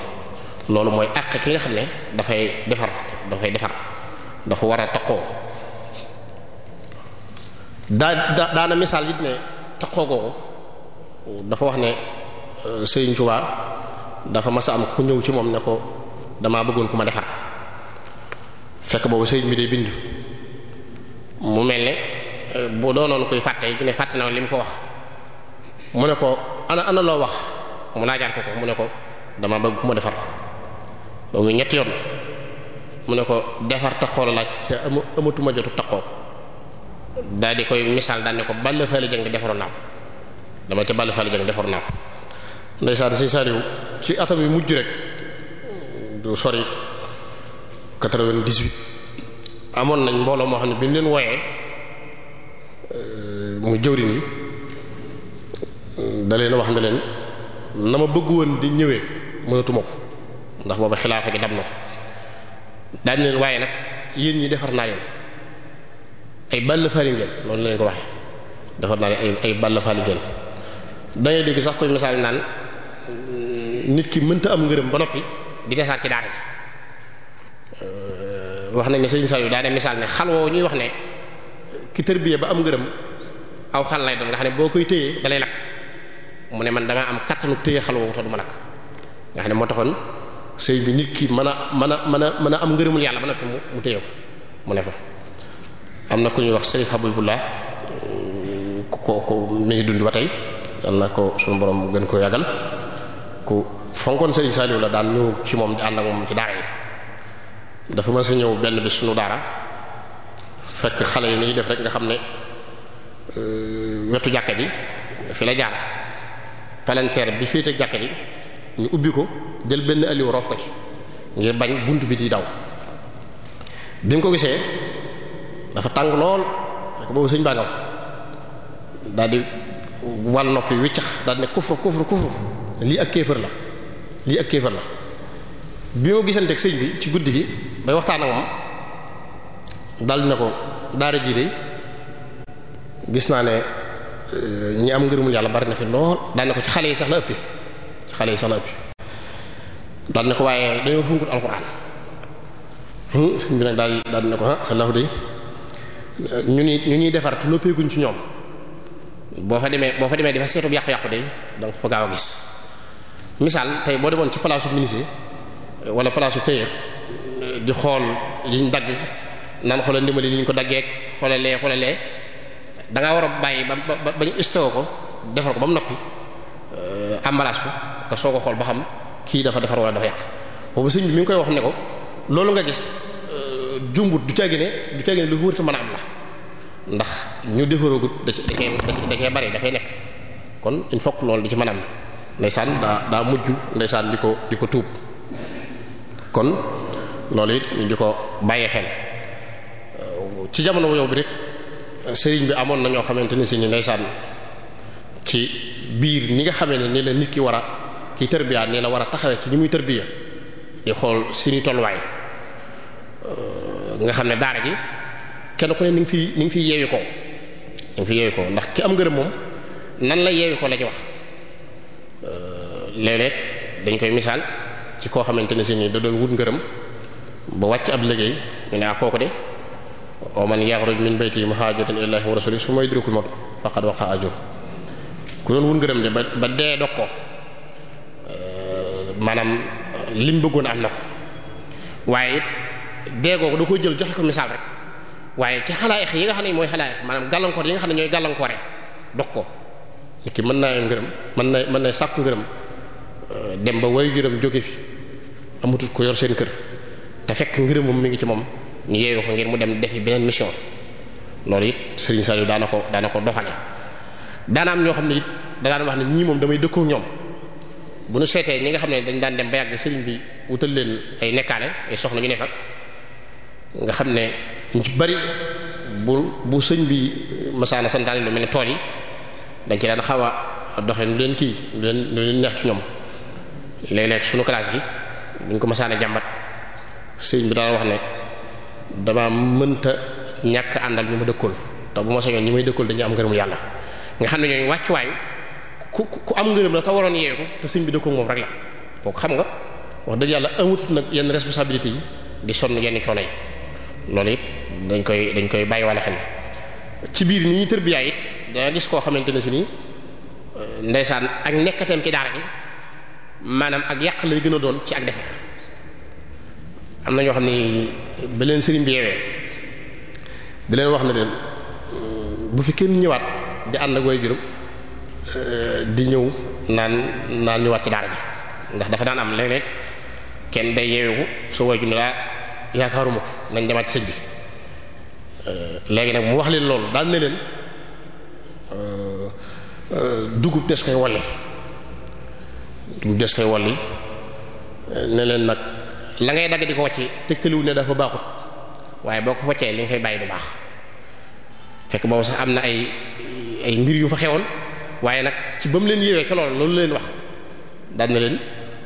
loolu mooy àq ki nga xam ne dafay defar dafay defar dafa war a taqoo daa daana misaal it ne taqoo googu dafa wax ne euh, Sëriñ Tuubaa dafa mas a am ku ñëw ci moom ne ko damaa bëggoon ku ma defar fekk boobu sëyiñ bi day bind mu mel ne euh, bu doonoon koy fàtte yi ne fàtte na li mu ko wax mu ne ko ana ana loo wax mu laajaat ko ko mu ne ko dama bëgg ku ma defar ba muy ñetti yoon mu ne ko defar te xool laaj ca jotu taqoo daal di koy misaal daal ne ko bàll faali jëng defaroon naa ko dama ca bàll faali jëng defaroon naa ko ndeysaan si sariw ci atam mujj rek du sori 98 amoon nañ mbooloo moo xam ne bi ñu leen wooyee euh, mu jëwriñ yi euh, da leen wax ne leen na ma bëgg woon di ñëwee mënatuma ko ndax booba xilaafa gi dam na ko daañ leen waaye nag yéen ñi defar naa leen ay ball fari ngeen loolu ko waxe defar naa leen ay ball fari ngeen dangay dégg sax koy misaal naan mm, nit ki mënta am ngërëm ba noppi di desaat ci daara ji euh, wax nañ ne sëriñ Saliou daa ne misaal ne xal woo ñuy wax ne ki tërbiye ba am ngërëm aw xal lay doon nga xam ne boo koy téyee dalay lakk mu ne man damaa am kattanu téye xal woowu te du ma lakk nga xam ne moo taxoon sëy bi nit ki mën a mën a mën a mën a am ngërëmul yàlla ba noppi mu téye ko mu ne fa am na ku ñuy wax sëriñ Habibullah ko ko mi ngi dund ba tey yàlla na ko suñu borom gën ko yàggal ku fonkoon sëriñ Saliou la daan ñëw ci moom di ànd ak moom ci daara yi dafa mës a ñëw benn bi suñu daara fekk xale yi ni def rek nga xam ne euh, wetu jàkka ji fi la jaar palanteer bi féete jàkka ji ñu ubbi ko jël benn aliw roof ko ci ngir bañ bunt bi di daw bi mu ko gisee dafa tàng lool fekk boobu sëñ baa nga wax daal di wal noppi wiccax daal ne kufru kufru kufru lii ak kéefër la lii ak kéefër la bi ma gisanteeg sëñ bi ci guddi gi bay waxtaan ak moom daal di ne ko daara ji de gis naa ne Euh, ñi am ngërëmul yàlla bari na fi lool daan na ko ci xale yi sax la ëppee ci xale yi sax la ëppee daan na ko waaye dañoo funkut alxuraan hmm, sëñ bi nag daal daal na ko ah sa law de ñu ni ñu ñuy defar te noppeeguñ ci ñoom boo fa demee boo fa demee dafa seetub yàqu-yàqu de donc fa gaaw a gis misaal tey boo demoon ci palaasu ministre wala palaasu tailleur di xool yiñ dagg naan xoolal ndimbali li ko daggeek xoolalee xoolalee da war a bàyyi ba ba ba ñu stocké ko defar ko ba mu noppi emballage euh, ko nga soo ko xool ba xam kii dafa defar wala dafa yàq boobu sëñ bi mi ngi koy wax ne ko loolu nga gis euh, jumbut du caa gine du caa gine lu wërta mën a am la ndax ñu defaroogut da bari dafay nekk kon il faut loolu di ci mën a ndeysaan daa daa mujj ndeysaan di ko di ko tuub kon loolu it ñu di ko bàyyee xel euh, ci jamono yow bi rek. sëriñ bi amoon na ñoo xamante ni si ni ndeysaan ci biir ni nga xamee ne ni la nit ki war a ki tërbiya ni la war a taxawee ci ñi muy tërbiya di xool seeni tolluwaay nga xam ne daara bi kenn ko ne ni nga fi ni nga fi yeewi ko ni fi yeewi ko ndax ki am ngërëm moom nan la yeewi ko la wax léeg-léeg dañ koy misaal ci koo xamante ne si ni da doon wut ngërëm ba wàcc ab liggéey ñu ne ak ah kooku de wa man yaxruj min bayti muhaajatan ilaahi wa rasuulihi summa yudrikul mawt faqad waqa ajruhu ku doon wun ngërëm de ba dee dog ko eh, maanaam bëggoon am na waaye it dee googu koo jël joxe ko misaal waaye ci xalaayax yi nga xam ne mooy xalaayax maanaam gàllankoor yi nga xam ne ñooy gàllankoore dog ko nit mën naa am mën na mën na sàkku ngërëm eh, dem ba wayu ngërëm jóge fi amatul ko yor seen kër te fekk ngërëm moom mi ngi ci moom ñu yeewu ko ngir mu dem def defi beneen mission loolu it Serigne Saliou daana ko daana ko doxale daanaam am ñoo xam ne it daan wax ne ñii moom damay dëkkoo ñoom bu nu seetee ñi nga xam ne dañ daan dem ba yàgg Serigne bi wutal leen ay nekkaane ay soxna ñu ne fa nga xam ne ñu ci bari bu sëñ bi masaana santaane lu mel ne tool yi dañ ci daan xaw a doxe nu leen kii lu leen neex ci ñoom léeg-léeg sunu classe gi buñ ko masaana jàmbat sëñ bi daan wax ne dama mënta ñàkk àndal ñu ma dëkkool te bu ma sañoon ñi may dëkkool dañu am ngërëmu yàlla nga xam ne ñooñu wàccuwaay ku ku am ngërëm la ka waroon yeewu ko te sëñ bi dëkkoog moom rek la kooku xam nga wax dëgg yàlla amutut nag yenn responsabilité yi di sonn yenn coono yi loolu it dañ koy dañ koy bàyyi wala xel ci biir ni ñuy tërbiyaa it danga gis koo xamante ne si nii ndeysaan ak nekkateem ci daara ji maanaam ak yàq lay gën a doon ci ak defar am na ñoo xam ne ba leen sëriñ bi yeewee da leen wax na leen bu fi kenn ñëwaat di ànd ak way jurub di ñëw naan naan ñëwaat ci daara ji ndax dafa daan am léeg kenn day yeewu soo way jur ne laa yaakaaruma nañ demaat ci sëñ bi léegi nag mu wax leen loolu daal ne leen dugub des koy wolli dugub des koy wolli ne leen nag la ngay dagg di ko wàcce tëkkaliwu ne dafa baaxut waaye boo ko wàccee li nga fay bàyyi du baax fekk boobu sax am na ay ay mbir yu fa xewoon waaye nag ci ba mu leen yéwee ke loolu loolu leen wax daan na leen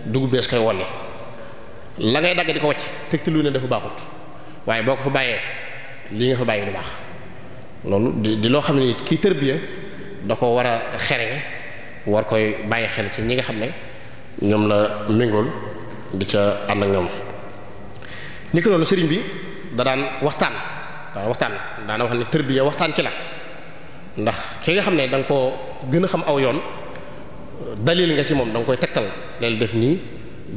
dugub dees koy wolle la ngay dagg di ko wàcc tëkkaliwu ne dafa baaxut waaye boo ko fa bàyyee li nga fa bàyyi du baax loolu di di loo xam ne kii tërbiya da ko war a xere war koy bàyyi xel ci ñi nga xam ne ñoom la méngool di ca ànd ak ñoom ni ko sëriñ bi da daan waxtaan daan waxtaan daana wax ne tërbiya waxtaan ci la ndax ki nga xam ne danga nga koo gën a xam aw yoon dalil nga ci moom da koy tegtal del def nii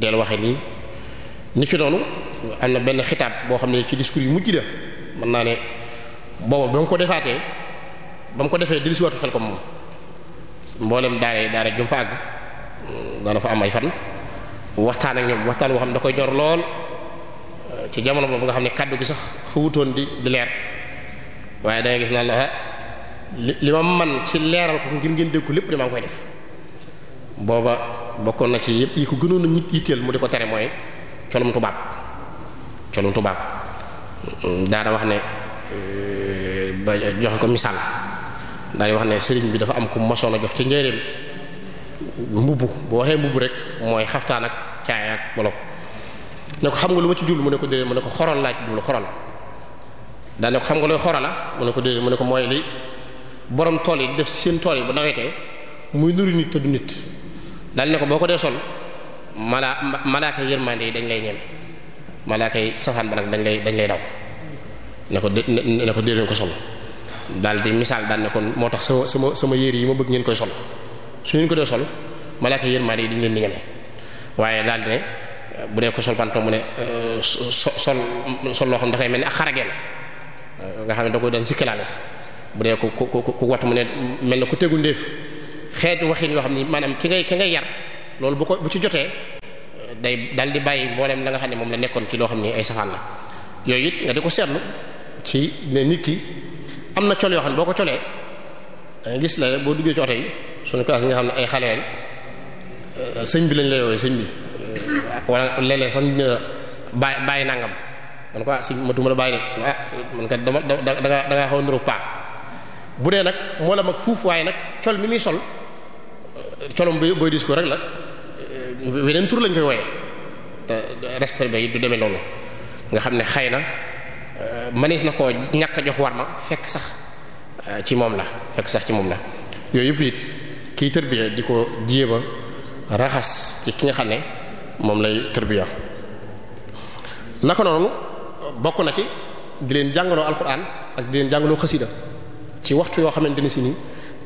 del waxe nii ni ki noonu am na benn xitaat boo xam ne ci discours yu mujj de mën naa ne booba ba ko defaatee bam ko defee dellusi waatu xel ko moom mboolem daare daare jum fa àgg dana fa am ay fan waxtaan ak ñoom waxtaan woo xam ne da koy ñor lool ci jamono boobu nga xam ne kàddu gi sax xawutoon di di leer waaye dangay gis na la li ma man ci leeral ko ngir ngeen dégg lépp damaa ngi koy def booba bokkoon na ci yëpp yi ko gënoon a nit yitteel mu di ko tere mooy colum tubaab colum tubaab daana wax ne euh, ba joxe ko misaal daal wax ne sëriñ bi dafa am ku mosoon a jox ci njëriñ mbubb bu waxee mbubb rek mooy xaftaan ak caaya ak bolo ne ko xam nga lu ma ci jublu mu ne ko déedéet mu ne ko xoral laa ci jublu xoral daa looy xorala mu ne ko déedéet mu ne ko mooy li borom tool yi def seen tool yi bu nawetee muy nuru nit te ne ko boo ko dee sol mala malaaka yërmande yi dañ lay ñeme malaaka ba dañ lay dañ lay daw ne ko dé ne ko déedéet ko sol daal di misaal daal ne kon moo tax sama sama sama yére yi ma bëgg ngeen koy sol su ngeen ko dee sol malaaka yërmande yi dañ leen di ñeme waaye daal di ne bu dee ko sol pantom mu ne euh, sol sol loo xam ne dafay mel ni ak euh, nga xam ne da koy doon sikkilaale sax bu dee ku mu ne mel na ku tegu ndéef xeeti waxin yoo xam ni maanaam ki ngay ki ngay yar loolu bu ko bu ci jotee euh, day dal di bàyyi mboolem la nga xam ne moom la nekkoon ci loo xam ni ay safaan la yooyu it nga di ko seetlu ci ne nit ki am na col yoo xam ne boo ko colee gis la boo duggee ci oto yi suñu classe yi nga xam ne ay xale lañ euh, sëñ bi lañ lay woowee sëñ bi euh, wala léeg-léeg sax nit bàyyi nangam man ko ah si matuma la bàyyi de ah man kat dama da da da ngaa bu dee nag moo la mag fuuf waaye nag col mi muy sol euh, colom bi booy ko rek la weneen tur lañ koy wooyee te respect ba du demee loolu nga xam ne xëy na manis na koo ñàkk jox war ma fekk sax ci moom la fekk sax ci moom la yooyu yëpp it kiy tërbiya di ko jéem a raxas ci ki nga xam ne moom lay tërbiya naka noonu bokk na ci di leen jàngaloo alxuraan ak di leen jàngaloo xasida ci waxtu yoo xamante ne si nii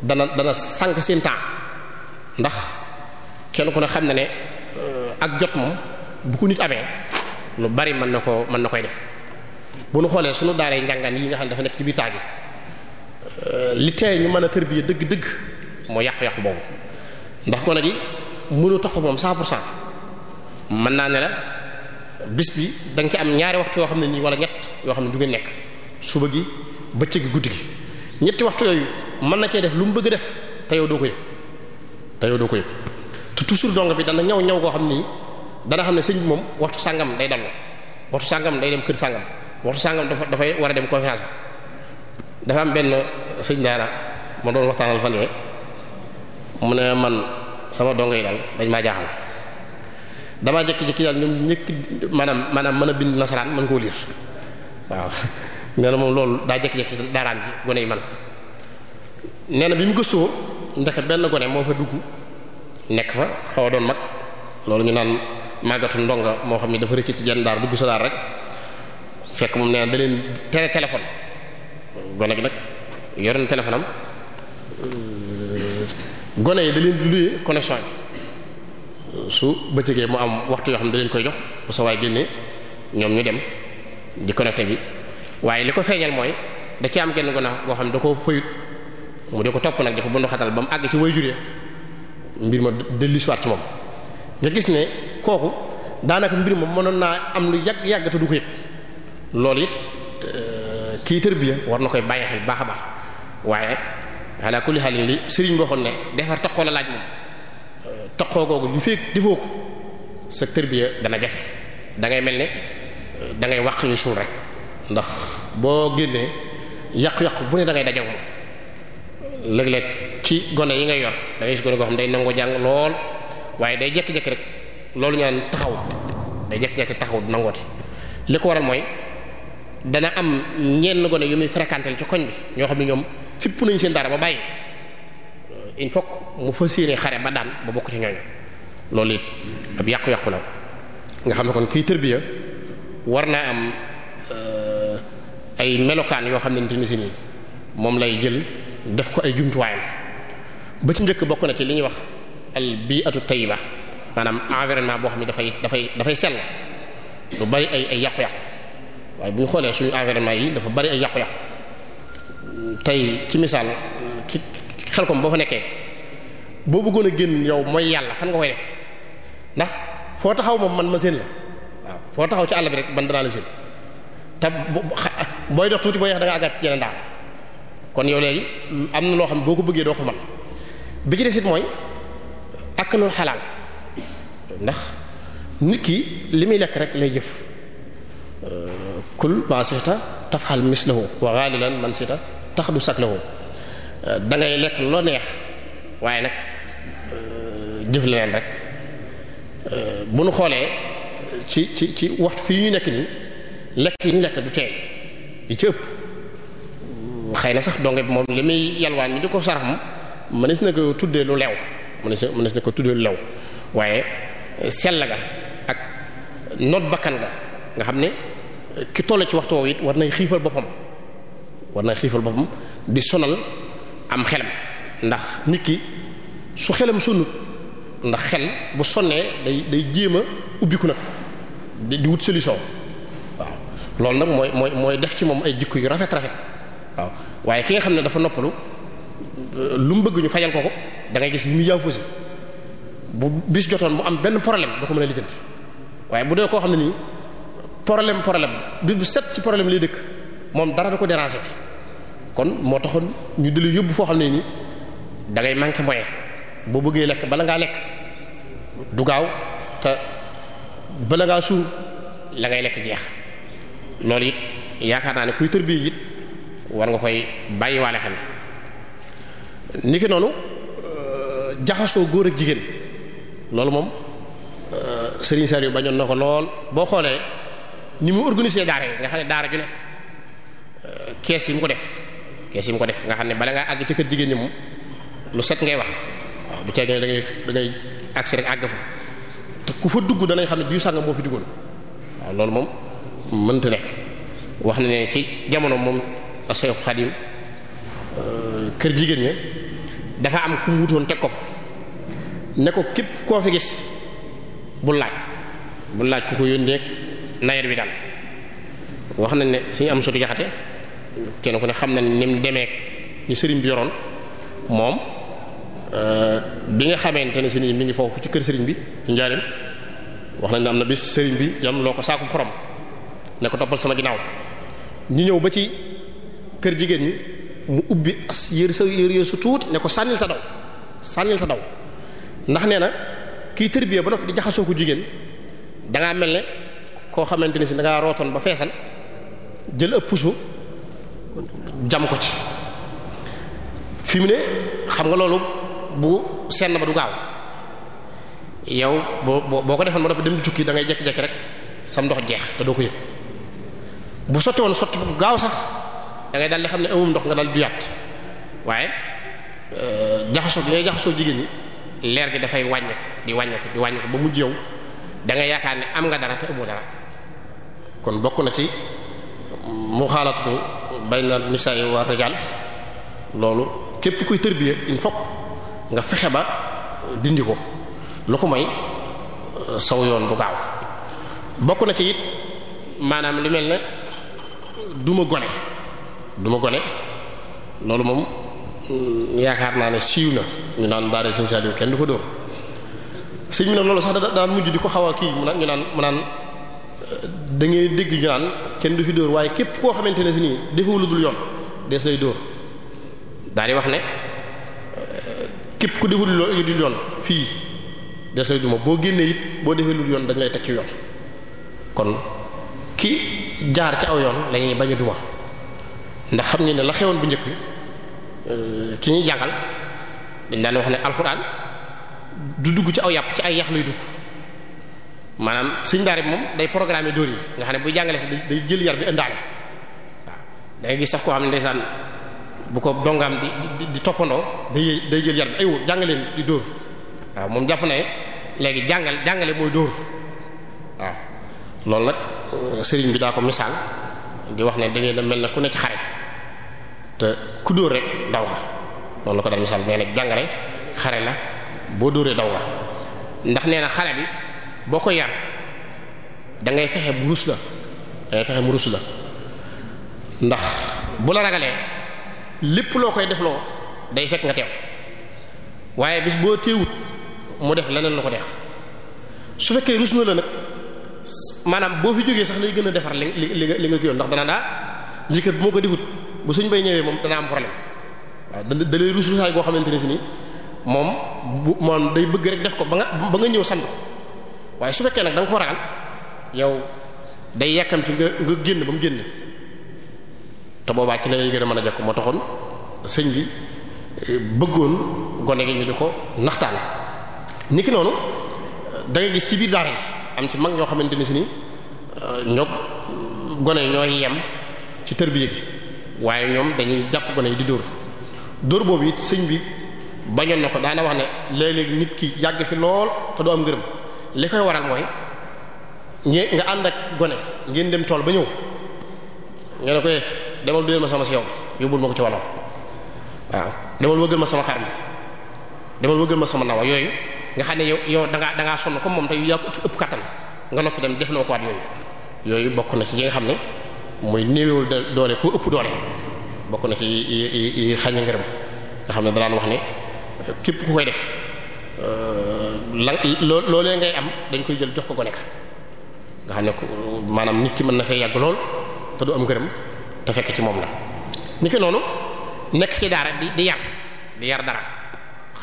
dana dana sànq seen temps ndax kenn ku ne xam na ne euh, ak jot moom bu ko nit amee lu bari mën na ko mën na koy def bu nu xoolee sunu daaray njàngaan yi nga xam ne dafa nekk ci biir taagi euh, li tey ñu mën a tërbiya dëgg-dëgg moo yàqu-yàqu boobu ndax gone gi mënu tax moom 100 pour cent mën naa ne la bis bi da ci am ñaari waxtu yoo xam ne nii wala ñett yoo xam ne du ngeen nekk suba gi bëccëg guddi gi ñetti waxtu yooyu mën na cee def lu mu bëgg def te yow doo ko yëg te yow doo donc bi dana ñaw ñaw koo xam ni dana xam ne sëñ moom waxtu sàngam day dallu waxtu sàngam day dem kër sàngam waxtu sàngam dafa dafay war a dem conférence bi dafa am benn sëñ daara moo doon waxtaanal mu ne man sama dongo yi daal dañ ma jaaxal damaa jëkk jëkk daal ñoom ñëkk maanaam maanaam mën a bind nasaraan mën koo liir waaw nee moom loolu daa jëkk jëkk daaraan ji gone yi man nee bi mu gëstoo ndax benn gone moo fa dugg nekk fa xaw a doon mag loolu ñu naan màggatu ndonga moo xam ne dafa rëcc ci jenn daar dugg sa daar rek fekk moom nee na da leen tere gone gi nag yoroon téléphone am gone yi da leen di luye connexion yi su bëccëgee mu am waxtu yoo xam ne da koy jox bu sa waay génnee ñoom ñu dem di connecté bi waaye li ko feeñal mooy da ci am genn gone goo xam ne da ko xëyut mu di ko topp nag di ko bundu xatal ba mu àgg ci way juree mbir ma dellu si waat ci moom nga gis ne kooku daanaka mbir ma mënoon naa am lu yàgg yàgg te du ko yëg loolu it euh, kii tërbiya war na koy bàyyi xel baax a baax waaye ala kulli xaalin li sëriñ waxoon ne defar toqoo la laaj moom toqoo googu ñu fekk defoo ko sa tërbiya dana jafe dangay mel ne dangay wax wàq yu suul rek ndax boo génnee yàqu-yàqu bu ne da ngay daje moom léeg-léeg ci gone yi ngay yor da ngay gis gone goo xam day nangoo jàng lool waaye day jékki-jékki rek loolu ñu taxaw day jékki-jékki taxaw nangooti li ko waral mooy dana am ñeen gone yu muy fréquenté ci koñ bi ñoo xam ne ñoom. fipp nañ seen dara ba bàyyi il faut mu fa yéene xare ba daan ba bokk ci ñooñu loolu it ab yàqu-yàqu la nga xam ne kon kiy tërbiya war naa am euh, ay melokaan yoo xam ne ni si nii moom lay jël def ko ay jumtuwaayam ba ci njëkk bokk na ci li ñuy wax al bi'atu tayyiba maanaam environnement boo xam ne dafay dafay dafay sell lu bari ay ay yàqu-yàqu waaye bu ñu xoolee suñu environnement yi dafa bari ay yàqu-yàqu tey ci misaal ki xel kom boo fa nekkee boo bëggoon a génn yow mooy yàlla fan nga koy def ndax foo taxaw moom man ma seen la waaw foo taxaw ci àll bi rek man danaa la seen te booy dox tuuti boo yeex da nga àggaat yeneen daal kon yow léegi am na loo xam ne boo ko bëggee doo ko man ci desit mooy ak loolu ndax nit ki li muy lekk rek lay jëf kul maaseta tafxal mislahu wa ghalilan man sita tax du saklahu euh, da ngay lekk loo neex waaye nag euh, jëf leneen rek euh, bu nu xoolee ci ci ci waxtu fii ñu nekk nii lekk yi ñu lekk du teey yi ci ëpp xëy na sax donge bi moom li muy yalwaan mi di ko saraxam mënees na ko tuddee lu lew mënees na na ko tuddee lu lew waaye sell ga ak noot bakkan ga nga xam ne ki toll ci waxtu woowu it war na xiifal boppam war nay xiifal boppam di sonal am xelam ndax nit ki su xelam sonnut ndax xel bu sonnee day day jéem a ubbiku nag di di wut solution waaw loolu nag mooy mooy mooy def ci moom ay jikko yu rafet rafet waaw waaye ki nga xam ne dafa noppalu lu mu bëgg ñu fajal ko ko da gis li muy yaafuse bu bis jotoon mu am benn problème da ko mën a lijjanti waaye bu dee koo xam ne nii. problème problème bi bu set ci problème lay dëkk moom dara du ko déranger ci kon moo taxoon ñu di la foo xam ne nii da ngay manqué moyen boo bëggee lekk bala ngaa lekk du gaaw te bala ngaa suur la ngay lekk jeex loolu it yaakaar naa ne kuy bii it war nga koy bàyyiwaale xel ni ki noonu euh, jaxasoo góor ak jigéen loolu moom euh, Serigne Saliou bañoon na ko lool boo xoolee. ni mu organiser daara yi nga xam ne daara ju nekk euh, kees yi mu ko def kees yi mu ko def nga xam ne bala ngaa àgg ci kër jigéen ñi moom lu set ngay wax waaw du caa gën da ngay da rek àgg fa te ku fa dugg danañ xam ne bii sànga moo fi duggoon moom mënta nekk wax na ci jamono moom Seex Xadim euh, kër jigéen ña dafa am ku wutoon teg ko fa ne ko képp koo fi gis bu laaj bu laaj ku ko yónnee nawet bi daal wax nañ ne suñu am sotti jaxate kenn ko ne xam na ni mu demee ñu sëriñ bi yoroon moom euh, bi nga nte ne si nii mi ngi foofu ci kër sëriñ bi ci wax nañ ne am na bis sëriñ bi jam loo ko saaku xorom ne ko toppal sama ginnaaw ñu ñëw ba ci kër jigéen ñi mu ubbi as yër sa yër yër su tuuti ne ko sànnil ta daw sànnil ta daw ndax nee na kiy tërbiya ba noppi di jaxasoo ko jigéen dangaa mel ne koo xamante ni si da ngaa rootoon ba feesal jël ab puso jam ko ci fi mu ne xam nga loolu bu senn ba du gaaw yow boo boo ko defoon ma dafa dem jukki da ngay jekki-jekki rek sam ndox jeex te doo ko yëg bu sotti woon sotti bu gaaw sax dangay ngay di xam ne amum ndox nga daal du yàtt waaye euh, jaxasoo bi ngay jaxasoo jigéen ñi leer gi dafay wàññeeku di wàññeeku di wàññeeku ba mujj yow da nga yaakaar ne am nga dara te amoo dara kon bokk na ci mu xaalatatu bayna nisaa yi war rijaal loolu képp kuy tërbiya il faut nga fexe ba dindi ko lu ko may saw yoon bu gaaw bokk na ci it maanaam li mel ne duma gone duma gone loolu moom yaakaar naa ne siiw na ñu naan daara Sëriñ Saliou kenn du ko dóor sëñ bi nag loolu sax daan mujj di ko xaw kii mu naan ñu naan mu naan da ngeen dégg ñu kenn du fi dóor waaye képp koo xamante ne si nii defoo lu dul yoon dees lay dóor daal di wax ne képp ku deful lu dul yoon fii dees lay duma boo génnee it boo defee lu dul yoon dañ lay teg ci yoon kon ki jaar ci aw yoon lañuy bañ a duma ndax xam ngeen ne la xewoon bu njëkk ci euh, ñuy jàngal dañ daan wax ne alxuraan du dugg ci aw yàpp ci ay yax lay dugg maanaam sëñ daara bi moom day programme dóor yi nga xam ne buy jàngale si day jël yar bi ëndaale waaw da gis sax koo xam ne ndeysaan bu ko dongaam di di toppandoo day day jël yar bi aywa jàngaleen di dóor waaw moom jàpp ne léegi jàngal jàngale mooy dóor waaw loolu nag euh, sëriñ bi daa ko misaal di wax ne da ngeen a mel ne xare te ku dóor rek daw nga noonu la ko daan misaal nee na jàngale xare la boo dóoree daw nga ndax nee xale bi. boo ko yar dangay fexe bu rus la da fexe bu rus la ndax bu la ragalee lépp loo koy def loo day fekk nga teew waaye bis boo teewut mu def leneen lu ko def su fekkee rus na la nag maanaam boo fi jógee sax lay gën a defar li li li nga kiyoon ndax dana daa lii kat bu ma ko defut bu suñ bay ñëwee moom dana am problème waaw da da lay rus goo xamante ne si nii moom bu moom day bëgg rek def ko ba nga ba nga ñëw sant waaye su fekkee nag da ko ragal yow day yàkkamti nga nga génn ba mu génn te boobaa ci la lay gën a mën a jokk moo taxoon sëñ bi eh, bëggoon gone gi ñu di ko naxtaan niki noonu da nga gis ci biir daara yi am ci mag ñoo xamante ni si ni eh, ñoog gone ñoo yem ci tërbiya gi waaye ñoom dañuy jàpp gone yi di dóor dóor boobu it sëñ bi bañoon na ko daana wax ne léeg-léeg nit ki yàgg fi lool te doo am ngërëm li koy waral mooy ñi nga ànd ak gone ngeen dem tool ba ñëw ngeen ne ko eh, demal duyal ma sama si yow yóbbul ma ko ci wàllam waaw demal wëggal ma sama xar mi demal wëggal ma sama nawa yooyu nga xam ne yow yow da ngaa da ngaa sonn comme moom te yaa ko ëpp kattan nga noppi dem def loo ko waat yooyu yooyu bokk na ci yi nga xam ne mooy néewewul doole ku ëpp doole bokk na ci yi yi xañ ngërëm nga xam ne danaan wax ne képp ku koy def. Euh, la loolee ngay am dañ koy jël jox ko gone ka nga xam ne maanaam nit ki mën na fee yàgg lool te du am ngërëm te fekk ci moom la ni ki noonu nekk ci daara di di yar di yar dara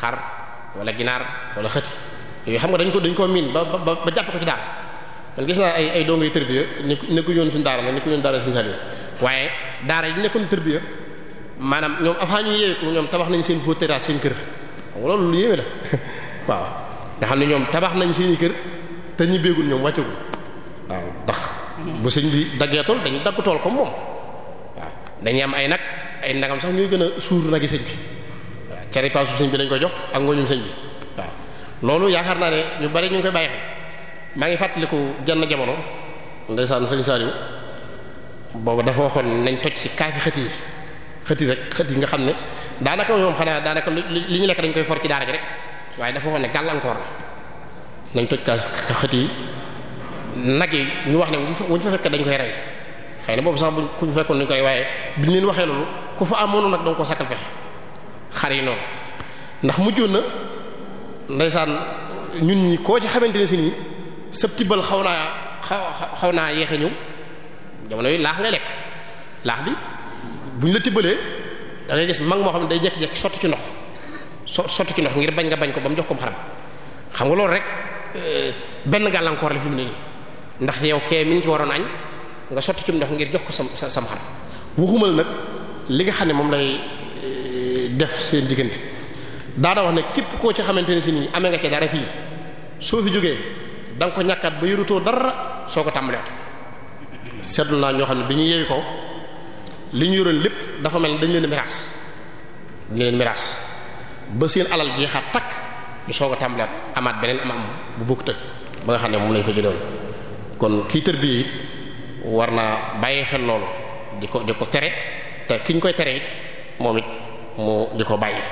xar wala ginaar wala xëti yooyu xam nga dañ ko dañ koo miin ba ba ba jàpp ko ci daara man gis naa ay ay dong yu tërbiya ni nekku ñoon suñu daara la nekku ñoon daara suñu saliw waaye daara yi nekkoon tërbiya maanaam ñoom avant ñu yeewu ko ñoom tabax nañ seen fóotéra seen kër loolu lu la waaw nga xam ne ñoom tabax nañ seeni kër te ñi béegul ñoom wàccagul waaw ndax bu sëñ bi daggee tool dañu dagg tool comme moom waaw dañuy am ay nag ay ndagam sax ñu gën a suur nag yi sëñ bi waaw caripaasu sëñ bi lañ ko jox ak ngooñum sëñ bi waaw loolu yaakaar naa ne ñu bari ñu ngi koy bàyyi xel maa ngi fàttaliku jann jamono ndeysaan sëñ Saliou boobu dafa waxoon nañ toj si kaafi xët yi xët yi rek xët yi nga xam ne daanaka ñoom xanaa daanaka li ñu lekk dañ koy for ci waaye dafa waxoon ne gàllankoor la nañ toj ka xët yi nag yi ñu wax ne wuñ fa fekk dañ koy rey xëy na boobu sax buñ kuñ fekkoon dañ koy waaye biñ leen waxee loolu ku fa amoon nag danga koo sakkal pexe xar yi noonu ndax mujjoon na ndeysaan ñun ñi koo ci xamante ne si nii sëptibal xaw naa xaw xaw naa yeexe ñëw jamono yi laax ngay lekk laax bi buñ la tibbalee da ngay gis mag moo xam ne day jekki-jekki sotti ci ndox so sotti ci ndox ngir bañ nga bañ ko ba mu jox ko xaram xam nga loolu rek euh, benn gàllankoor la fi mu ne nii ndax yow kee mi ngi ci waroon añ nga sotti ci mu ndox ngir jox ko sam sam xaram waxumal nag li nga xam ne moom lay euh, def seen diggante daana wax ne képp koo ci xamante ne si nii amee nga ci dara yi soo fi jógee da nga ko ñàkkaat ba yërutoo dara soo ko tàmbaleet seetlu naa ñoo xam ne bi ñu yeewi ko li ñu yoroon lépp dafa mel ne dañ leen miraas dañu ba siin alal jeexaat takk ñu soog a tàmbalaat amaat beneen am am bu bukk tëg ba nga xam ne moom lañ fa jëloon kon kii tër bii war naa bàyyi xel loolu di ko di ko tere te ki koy tere it moom it mu di ko bàyyi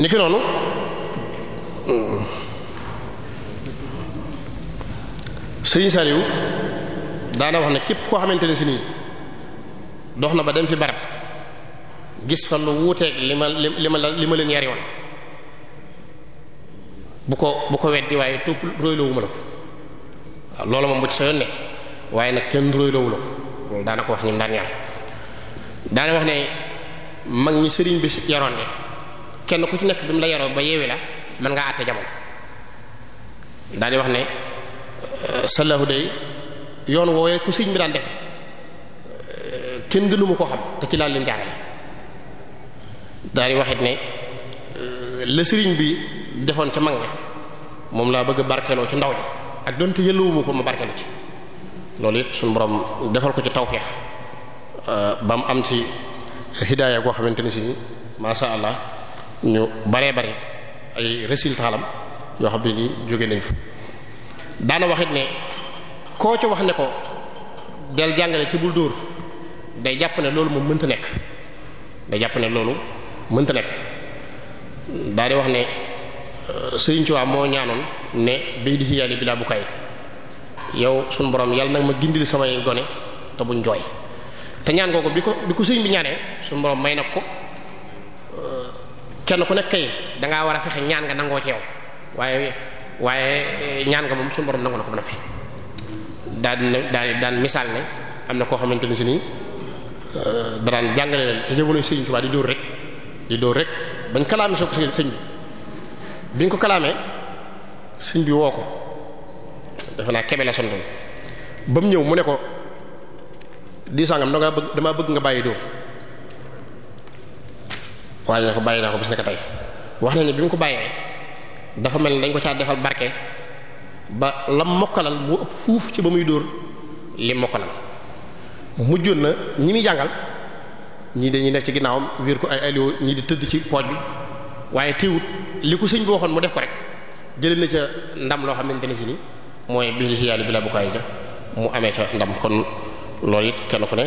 ni ki noonu sëriñ Saliou daana wax ne képp koo xamante ne si nii dox na ba dem fi barab gis fa lu wuuteeg li ma li ma li ma leen yari woon bu ko bu ko weddi waaye tuub royloowu ma la ko loolu moom bu ci sa yoon ne waaye nag kenn royloowu la ko loolu wax ñim daan yar daana wax ne mag ñi sëriñ bi yaroon ne kenn ku ci nekk bi mu la yaroo ba yeewi la mën ngaa àtte jamono daal wax ne sallahu day yoon woowee ku sëriñ bi daan defe kenn gënu ma ko xam te ci laa leen jaarale daal di waxit ne euh, la sëriñ bi defoon ca mag ne moom laa bëgg barkeloo ci ndaw ñi ak donte yëllawuma ko ma barkeloo ci loolu it suñ borom defal ko ci tawfeex euh, ba mu am ci hidaaya goo xamante ne si masha Allah ñu baree bare ay résultat lam yoo xam ne ni jóge nañ fa daana waxit ne koo ci wax ne ko del jàngale ci bul dóor day jàpp ne loolu moom mënta nekk day jàpp ne loolu mënta nekk daal di wax ne euh, Sëriñ Tuubaa moo ñaanoon ne bay di xiyaali bi laa bu kay yow suñu borom yàlla nag ma gindil samay gone te buñ jooy te ñaan ko bi ko bi ko sëriñ bi ñaanee sunu borom may nag ko euh, kenn ku nekk kay da war a fexe ñaan nga nangoo ci yow waaye waaye eh, ñaan nga moom sunu borom nangu na ko ba noppi daal daal daan misaal ne am na koo xamante ni si nii danaan jàngale leen te jamonoy Sëriñ Tuubaa di dóor rek di dóor rek bañ kalaame soo ko sëñ bi biñ ko kalaame sëñ bi woo ko defe naa kebe la sontoon ba mu ñëw mu ne ko di sangam danga bëgg damaa bëgg nga bàyyi dóor waaye ko bàyyi naa ko bis na wax nañu ne ko bàyyee dafa mel ni dañ ko caa defal barke ba lam mokkalal bu ëpp fuuf ci ba muy dóor li mokkalal mujjoon na ñi muy jàngal ñii dañuy nekk ci ginnaawam wéer ko ay alio ñii di tëdd ci pooj bi waaye teewut li ko sëñ bi waxoon mu def ko rek jëlee na ca ndam loo xamante ne si ni mooy biir yàlla bi la bu kaay mu amee ca ndam kon loolu it kenn ku ne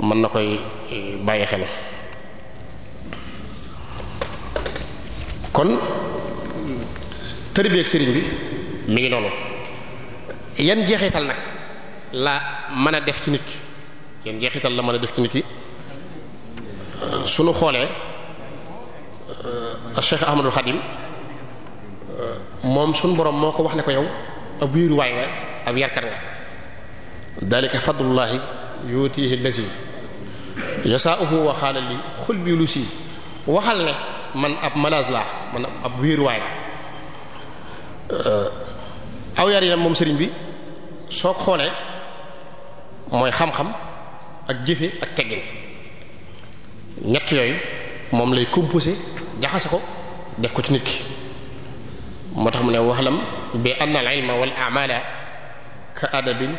mën na koy eh, bàyyi xel kon tërbiyeeg sëriñ bi mi ngi noonu yan jeexital nag la mën a def ci nit yan njeexital la man a def ci nit yi sunu xoolee euh, Cheikh Ahmadul Xadim euh, moom sunu boroom moo ko wax ne ko yow ab wiir waay nga ab yarkat nga dalika fadlullahi yutihi allazi yasaa'uhu wa xaala li xul bi lu si waxal ne man ab manage laa man ab wiir waay euh, aw yi nag moom sëriñ bi soo xoolee mooy xam-xam ak jëfe ak teggin ñett yooyu moom lay composé jaxase ko def ko ci nit ki moo tax mu ne waxlam bi anna al ilma wal amala ka adabin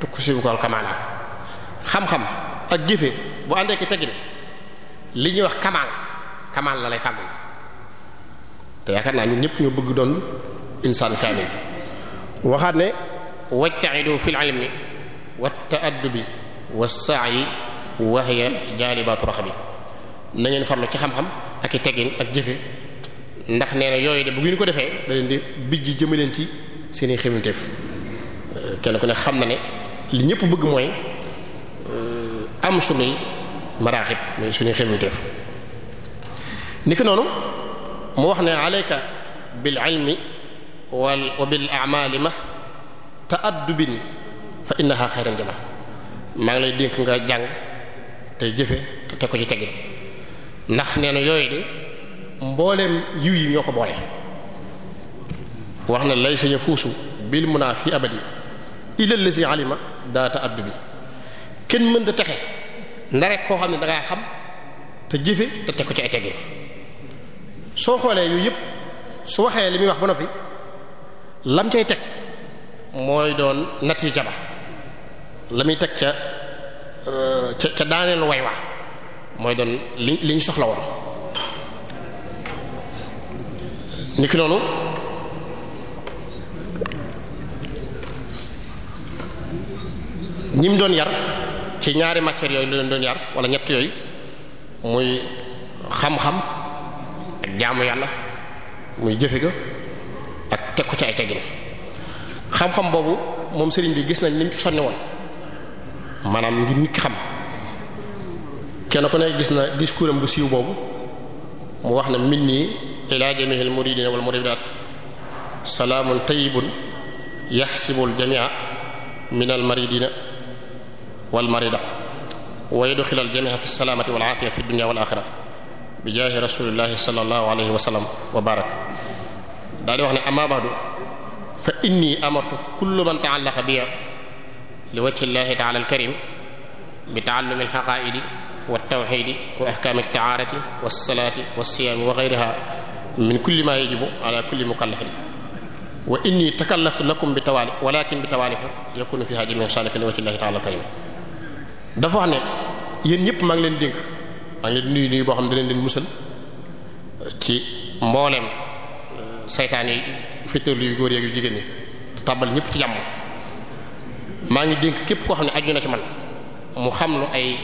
tuksibu ko al kamala xam-xam ak jëfe bu àndee ki teggin li ñuy wax kamal kamal la lay fàggul te yaakaar naa ñun ñëpp ñu bëgg doon insaan kaamil waxaat ne wajtahidu fil ilmi wat ta'addubi wa saayi waxya jaalibaatu raxabi na ngeen farlu ci xam-xam ak i teggin ak jëfe ndax nee na yooyu de bu ngeen ko defee da leen di bijji leen ci seen i ximilteef kenn ku ne xam na ne li ñëpp bëgg mooy euh, am sunuy maraaxib muy sunuy ximilteef niki noonu mu wax ne alayka bil ilmi wal wa bil a'mali ma ta'addubin fa innaha xayran jama maa ngi lay dénk nga jàng te jëfe te teg ko ci teggin ndax nee na yooyu de mbooleem yiw yi ñoo ko boole wax na lay sa yafuusu bil munaa fi abadi illa allazi alima daata àddu bi kenn mënta texe nda koo xam ne dangaa xam te jëfe te teg ko ci ay teggin soo xoolee yooyu yëpp su waxee li muy wax ba noppi lam cay teg mooy doon yi ba la muy teg ca ca ca way wa mooy doon li li ñu soxla woon niki noonu ñim doon yar ci ñaari matières yooyu la doon yar wala ñett yooyu muy xam-xam ak jaamu yàlla muy jëfe ga ak teg ko ca ay teggin xam-xam boobu moom sëriñ bi gis nañ ni mu sonni woon maanaam ngir nit xam kenn ku ne gis na discours am bu siiw boobu mu wax na min nii ila jami'il muridina wal muridat salaamun tayyibun yaxsibul jamia min al maridina wal wa yadxilul jamia fi salaamati wal aafiya fi dunya wal aaxira bi jaahi rasulillahi sallallahu wa sallam wa barak daal di wax ne amma ba'du fa inni amartu kullu man ta'allaqa biya li wajhi llahi ta'ala al-karim bi ta'allumi al-haqa'idi wat-tawhidi wa ahkami at-ta'arati was-salati was-siyami wa ghayriha min kulli ma yajibu ala kulli mukallafin wa inni takallaftu lakum bi tawali walakin bi tawalifa yakunu fiha jami'u salika li wajhi llahi ta'ala al-karim dafa wax ne yéen ñëpp maa ngi leen dénk maa boo xam ne dinañ leen musal ci mbooleem euh, saytaan yi fitna yu góor yeeg yu jigéen ñi tàbbal ñëpp ci jàmm maa ngi dénk képp koo xam ne aju na ci man mu xam lu ay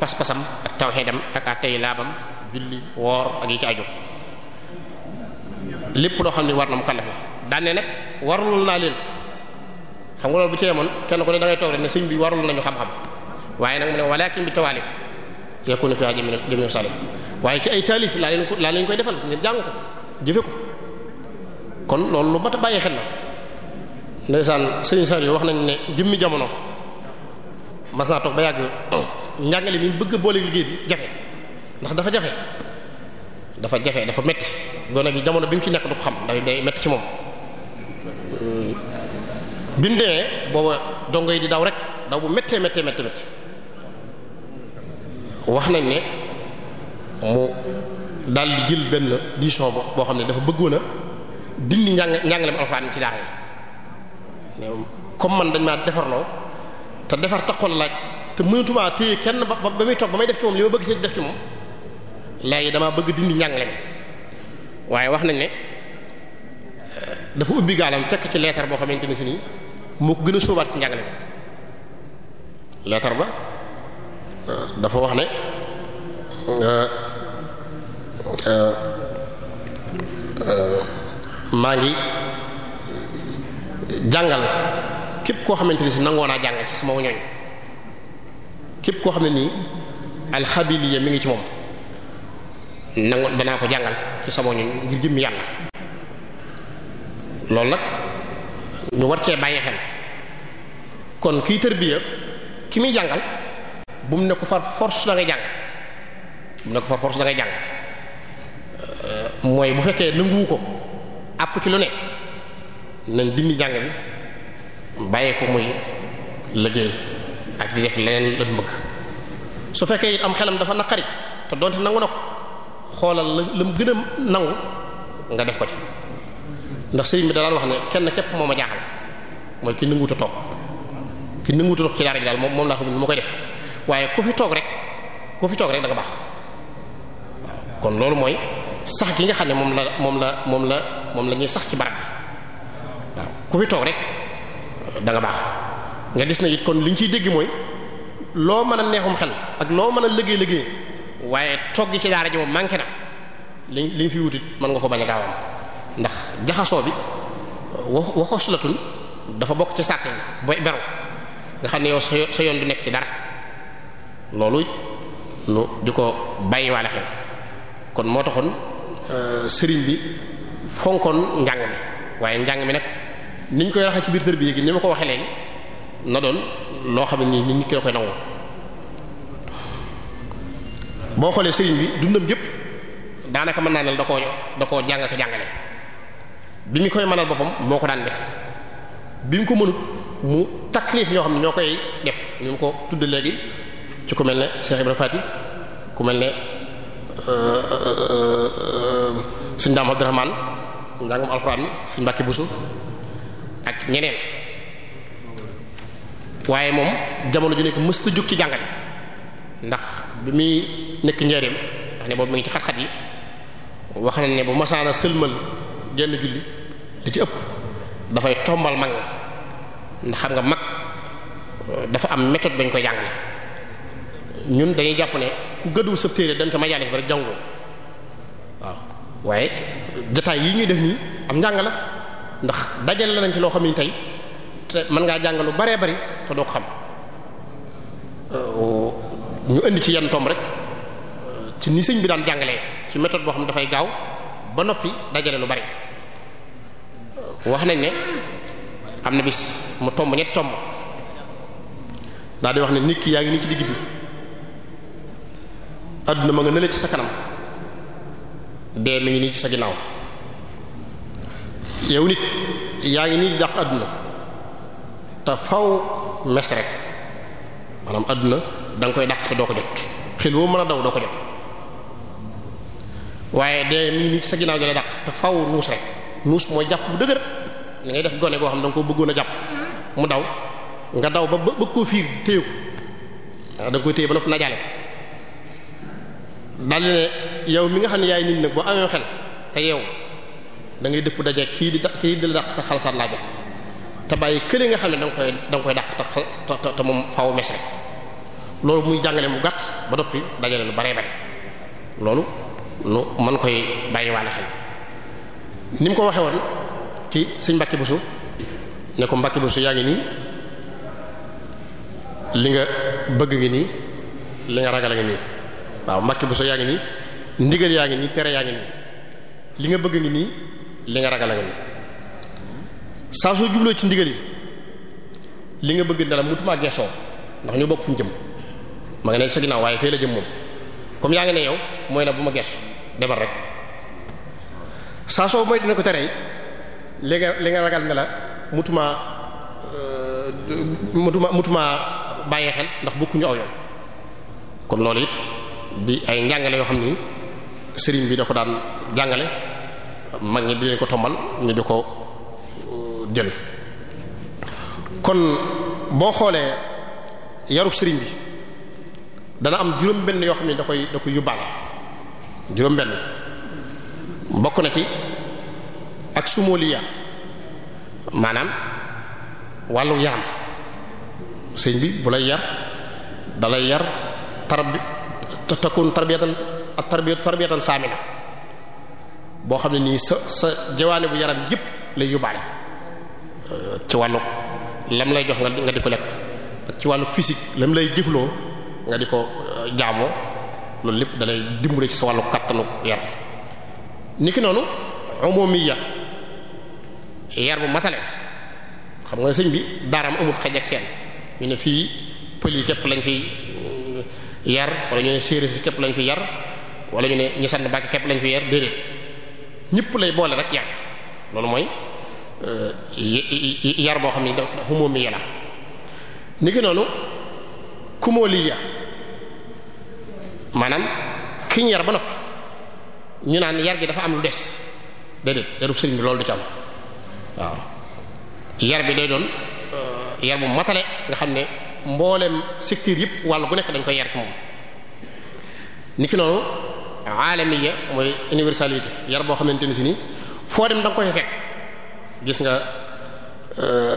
pas-pasam ak tawhidam ak atay laabam julli woor ak yi ci aju xam ne war na mu kàllafe daan ne nag naa leen xam nga ci yemoon kenn ku ne da ngay toog rek ne sëñ bi warul nañu xam-xam waaye nag mu ne walakin bi tawaalif yakunu fi ajmin jamil salim waaye ci ay taalif laa laa leen koy defal ngeen jàng ko jëfe ko kon loolu lu mat a xel na ndeysaan sëriñ sar yi wax nañ ne jëmmi jamono mas ba yàgg njàngale bi bëgg a boole liggéey bi jafe ndax dafa jafe dafa jafe dafa metti gone gi jamono bi mu ci nekk du ko xam day day metti ci moom hmm. bi mu dee booba dongo yi di daw rek daw bu méttee méttee méttee wax nañ ne mu daal di jël benn diisoo boo xam ne dafa bëggoon a dindi njàng njàngaleem alxuraan ci daara comme man dañ maa defarloo te defar taxoon laaj te mënatumaa téye kenn ba ba muy toog ba may def ci moom li ma bëgg ci def ci moom léegi damaa bëgg dindi njàngale waaye wax nañ ne eh, dafa ubbi gaalam fekk ci leetar boo xamante ne si nii moo ko gën a sóobaat ci njàngale leetar ba eh, dafa wax ne eh, maa ngi jàngal képp koo xamante ni si nangoo naa jàng ci sama ñooñ képp koo xam ne nii alxabiliya mi ngi ci moom nango danaa ko jàngal ci sama ñooñ ngir jëmm yàlla loolu nag ñu war cee bàyyi xel kon kiy tërbiya ki muy jàngal bu mu ne ko far force da jàng bu mu ne ko far force da ngay jàng euh, mooy bu fekkee nanguwu ko àpp ci lu ne nañ dindi jàng bi bàyyi ko muy liggéey ak di def leneen lan bëgg su fekkee am xelam dafa naqari te doonte nangu na ko xoolal la la mu gën a nangu nga def ko ci ndax sëriñ bi da wax ne kenn képp moo ma jaaxal mooy ki nanguwut a toog ki nanguwut a ci daara ji moom moom laa xam ne ma koy def waaye ku fi toog rek ku fi toog rek da baax waaw kon loolu mooy sax gi nga xam ne moom la moom la moom la moom la ñuy sax ci barab ku fi toog rek da baax nga gis na it kon liñ ciy dégg mooy loo mën a neexum xel ak loo mën a liggéey liggéey waaye togg gi ci daara ji moom manqué na li li ñu fi wutit mën nga ko bañ a gaaw ndax jaxasoo bi wax waxosulatun dafa bokk ci sàkke booy beru nga xam ne yow sa yoon du nekk ci dara loolu nu di ko bàyyiwaale xel kon moo taxoon euh, sëriñ bi fonkoon njàng mi waaye njàng mi nag niñ koy raxee ci biir tërbiya gi ni ma ko waxee léegi na doon loo xam ne nii ñu ñi koy koy nangoo boo xoolee sëriñ bi dundam gépp daanaka mën naa ne da koo da koo jàng ak jàngale bi ñu koy mënal boppam moo ko daan def bi ñu ko mënut mu taklif ñoo xam ne ñoo koy def ñu mu ko tudd léegi ci ku mel ne Cheikh Ibrahima Fati ku mel ne euh, euh, euh, sëñ Dame Abdourahmane njàngum alxuraan sëñ Mbacke Bousso ak ñeneen waaye moom jamono ju nekk mës na jóg ci jàngale ndax bi muy nekk njaareem ndax ne boobu mi ngi ci xat-xat yi wax nañ ne bu masaana sëlmal jenn julli li ci ëpp dafay tombal mag ndax xam nga mag dafa am méthode bañ koy jàngale ñun dañuy jàpp ne ku gëdduwul sa téere dem ca majaalis ba rek jàngoo waaw waaye jotaay yi ñuy def nii am njàng la ndax dajale la nañ ci loo xam ne tey te mën ngaa jàng lu baree bari te doo ko xam euh, ñu indi ci yan tomb rek ci ni sëñ bi daan jàngale ci méthode boo xam ne dafay gaaw ba noppi dajale lu bari wax nañ ne am na bis mu tomb ñetti tomb daal di wax ne nit ki yaa ngi nii ci digg bi àdduna ma nga nële ci sa kanam dee mi ngi nii ci sa ginnaaw. yow nit yaa ngi nii dàq àdduna te faw mes rek maanaam àdduna da koy dàq te doo ko jot xel woo mën a daw doo ko jot waaye de mi ngi sa ginnaaw jëlee dàq te faw muus rek muus mooy jàpp bu dëgër da ngay def gone goo xam da nga ko bëggoon a jàpp mu daw nga daw ba bëgg koo fiir téye ko da nga koy téye ba noppi najaale daal ne yow mi nga xam ne yaay nit nag boo amee xel te yeewu da ngay dëpp daje kii di kii di la dàq te xalasaat laa jot te bàyyi kële nga xam ne da nga koy da koy dàq te te te moom faaw mes rek loolu muy jàngale mu gàtt ba doppi dajale lu baree bare loolu nu mën koy bàyyi waale xel ni mu ko waxee woon ci sëñ Mbàkke Busu ne ko Mbàkke Busu yaa ngi nii li nga bëgg ngi nii li nga ragal ngi nii waaw Mbàkke Busu yaa ngi nii ndigal yaa ngi nii tere yaa ngi nii li nga bëgg ngi nii li nga ragal a ngi saa ci ndigal li nga bëgg dara mutumaa geesoo ndax ñu bokk fu ñu jëm ma nga ne sa waaye fee la jëm moom comme yaa yow mooy na bu ma geesu demal rek saa soo ko tere li nga li nga la mutumaa euh, mutumaa mutumaa bàyyee xel ndax bokkuñu aw yow kon loolu it di ay njàngale yoo xam ni sëriñ bi da daan jàngale mag ñi di leen ko tombal ñu di ko uh, jël kon boo xoolee yarub sëriñ bi dana am juróom-benn yoo xam ne da koy da koy yóbbaale juróom-benn bokk na ci ak sumoliya maanaam wàllu yaram sëriñ bi bu lay yar dalay yar tarbi takun tarbiyatan at tarbiyatu tarbiyatan saamina boo xam ne nii sa sa jawaane bu yaram yépp lay yóbbaale euh, ci wàllu lam lay jox nga di ko lekk ci wàllu physique lam lay jëfloo nga di ko euh, jaamoo loolu lépp dalay dimbali ci sa wàllu kattanu yar niki noonu umumiya yar bu matale xam nga sëñ bi daaraam amul xaj ak seen ñu ne fii pël yi képp lañ fi euh, yar wala ñu ne séeréer si képp lañ fi yar wala ñu ne ñi sant bàkk képp lañ fi yar déedéet ñëpp lay boole rek yar loolu mooy euh, yar boo xam ne da xumóomi yela ni ki noonu kumooliya maanaam kiñ yar ba noppi ñu naan yar bi dafa am lu des déedéet yarub sëriñ bi loolu du ci am waaw yar bi day doon euh, yar bu matale nga xam ne mboolem secteur yëpp wàllu gu nekk dañ koy yar ci moom ni ki noonu alamiya mooy universalité yar boo xamante ni si ni foo dem da nga koy fekk gis nga euh,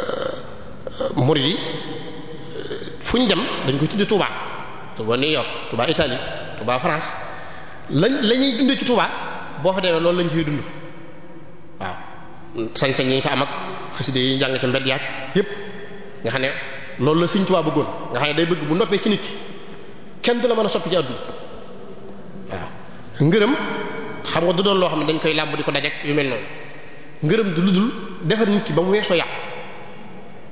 murid yi euh, fu ñu dem dañ koy tudd Touba Touba New York Touba Italie Touba France lañ la ñuy dundee ci Touba boo fa dee loolu lañ ciy dund waaw sañ-sañ yi ñu fa am ak xasida yi jàng ci mbedd yaak yépp nga xam ne loolu la Sëriñ Touba bëggoon nga xam ne day bëgg bu noppee ci nit ki kenn du la mën a soppi ci àdduna ngërëm xam nga du doon loo xam ne dañ koy làmb di ko dajek yu mel noonu ngërëm du lu dul defar nit ci ba mu weesoo yàqu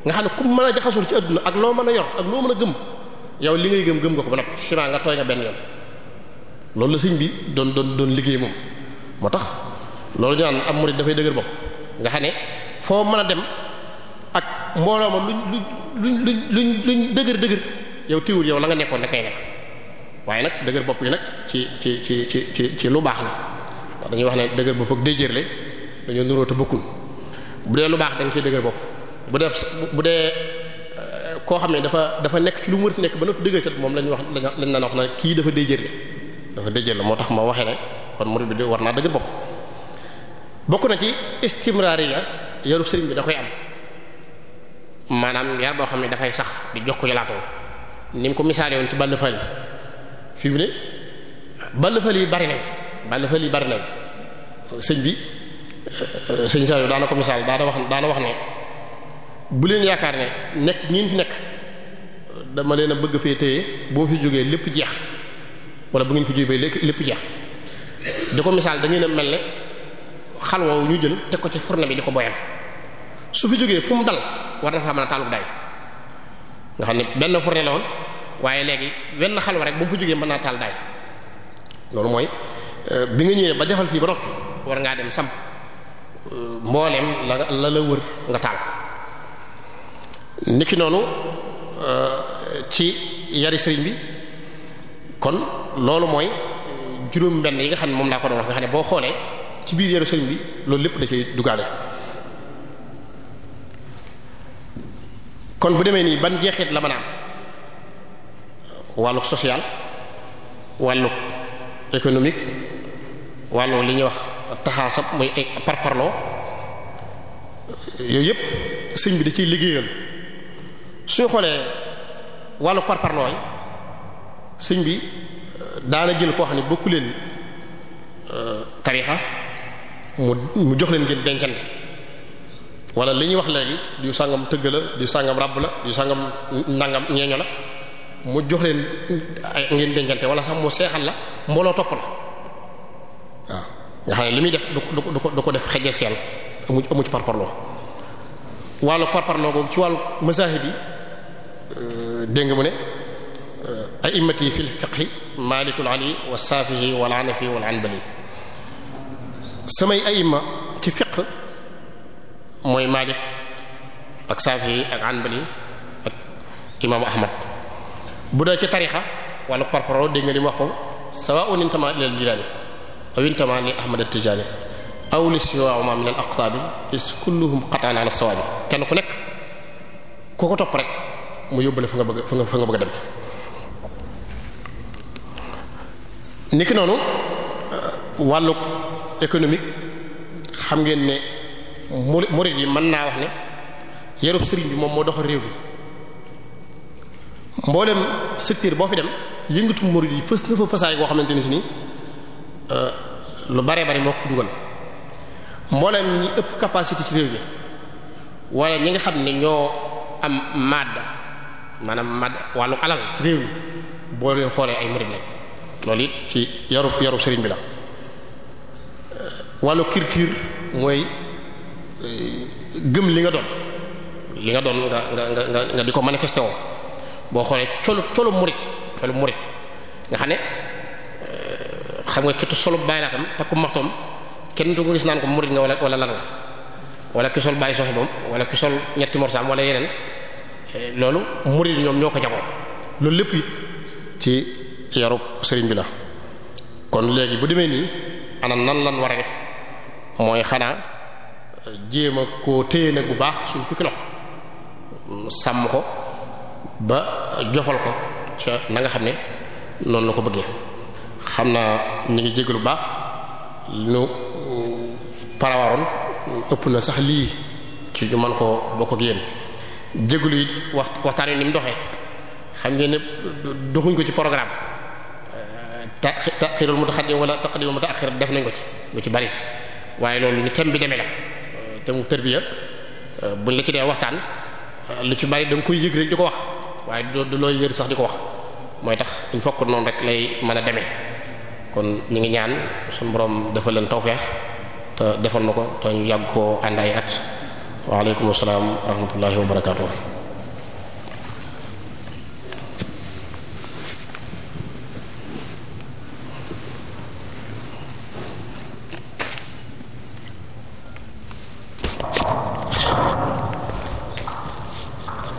nga xam ne ku mën a jaxasoo ci adduna ak loo mën a yor ak loo mën a gëm yow li ngay gëm gëm nga ko ba noppi ciment nga tooy nga benn yoon loolu la sëñ bi doon doon doon liggéey moom moo tax loolu ñu naan am murid dafay dëgër bopp nga xam ne foo mën a dem ak mbooloo ma lu luñ lu luñ luñ dëgër dëgër yow tiwul yow la nga nekkoon da waaye nag dëgër bopp yi nag ci ci ci ci ci ci lu baax la ndax dañuy wax ne dëgër bopp ak déjërle dañoo nuróo bokkul bu dee lu baax da nga ciy dëgër bopp bu dee bu dee euh, koo xam ne dafa dafa nekk ci lu mu nekk ba noppi dëgër cat moom lañu wax lañ naan wax na kii dafa déjërle dafa déjërle moo tax ma waxee ne kon murid bi war naa dëgër bopp bokk na ci ya yaru sëriñ bi da koy am maanaam yar boo xam ne dafay sax di jox ko jalaatoo ni mu ko misaale woon ci bàll fañ fi mu ne ballafal yi bari nañ ballafal yi bari nañ sëñ bi euh, sëñ saa yu daana ko misaal daana wax daana wax ne bu leen yaakaar ne nekk ñiin fi nekk dama leen a bëgg fee téye boo fi jógee lépp jeex wala bu ngeen fi jógee lépp jeex di ko misaal da ngeen a mel ne xalwa ñu jël teg ko ci fourne bi di ko boyal su fi jógee fu mu dal war na faa mën a taalub nga xam ne benn fourne la woon waaye léegi wenn wa rek bu mu fa jógee mën naa taal daay loolu mooy euh, bi nga ñëwee ba defal fii ba noppi war ngaa dem samp mbooleem la la la wër nga taal ki noonu euh, ci yari sëriñ bi kon loolu mooy juróom benn yi nga xam ne moom laa ko doon wax nga xam ne boo xoolee ci biir yari sëriñ bi loolu lépp da cay dugaale kon bu demee nii ban jeexeet la mën a am wàlluk social wàlluk économique wàllu li ñuy wax taxaasab muy parparloo yooyu yëpp sëñ bi da ciy liggéeyam suñu xoolee wàlluk parparlooy sëñ bi euh, daana jël koo xam ne bokku leen euh, tarixa mu mu jox leen ngeen dencante wala li ñuy wax léegi du sàngam tëgg la du sàngam ràbb la du sàngam nangam ñeeño la mu jox leen ngeen dencante wala sax mu seexal la mbooloo topp la waaw nga xam ne li muy def du ko du ko du ko def xëj seel amu amu ci parparloo wàllu parparloo boobu ci wàllu masaahib yi euh, dégg nga mu ne euh, a'immati fil fiqhi maalikul ali wa saafihi wal hanafi wal hanbali samay a'imma ci fiqh mooy maalik ak saafihi ak hanbali ak imaamu ahmad bu dee ci tarixa wala parparo dégg nga li mu wax ko sawa'un intama ila al-jilani aw intama li ahmad at-tijani aw li shiwa'uma min al-aqtabi is kulluhum qatan ala sawabi kenn ku nekk ku ko topp rek mu yóbbale fa nga bëgg fa nga fa nga bëgg dem niki noonu wàllu économique xam ngeen ne murid yi mën naa wax ne yarub sëriñ bi moom moo doxal réew bi mboolem secteur boo fi dem yëngatu murid yi fës na fa fasaay goo xamante ni si euh, lu baree bari moo ko fi dugal mboolem ñi ëpp capacité ci réew mi wala ñi nga xam ne ñoo am madda maanaam madda wàllu alal ci réew mi boo leen xoolee ay murid lañ loolu it ci yarub yarub sëriñ bi la wàllu culture mooy euh, gëm li nga doon li nga doon nga nga nga nga di ko manifesté woo boo xoolee colu colu murit colu murit nga xam ne euh, xam nga kitu solu bàyyi laatam takku maxtoom kenn du ko gis naan ko murit nga wala wala lan nga wala ki sol bàyyi soxe moom wala ki sol ñetti morsaam wala yeneen eh, loolu murit ñoom ñoo ko jagoo loolu lépp it ci yarub sëriñ bi la kon léegi bu demee nii ana nan lan war a def mooy xanaa jéem a koo téye nag bu baax suñ fukki loxo sàmm ko ba jofal ko ca nanga xam ne noonu la ko bëggee xam naa ñu ngi jégg lu baax lu parawaroon ëpp na sax lii ci ñu man koo bokk ak yéen jéglu wax waxtaan ni mu doxee xam ngeen ne doxuñ ko ci programme ta taxirul mutaqaddim wala taqdimul mutaaxir def nañ ko ci lu ci bari waaye loolu ni thème bi demee la thème mu tërbiya buñ la ci dee waxtaan lu ci bari da koy yëg rek di ko wax waaye du looy yër sax di ko wax mooy tax il faut noonu rek lay mën a demee kon ñu ngi ñaan suñu borom defal leen tawfeex te defal na ko te ñu yàgg koo ànd ay at waaleykum salaam wa rahmatullahi wa barakatuh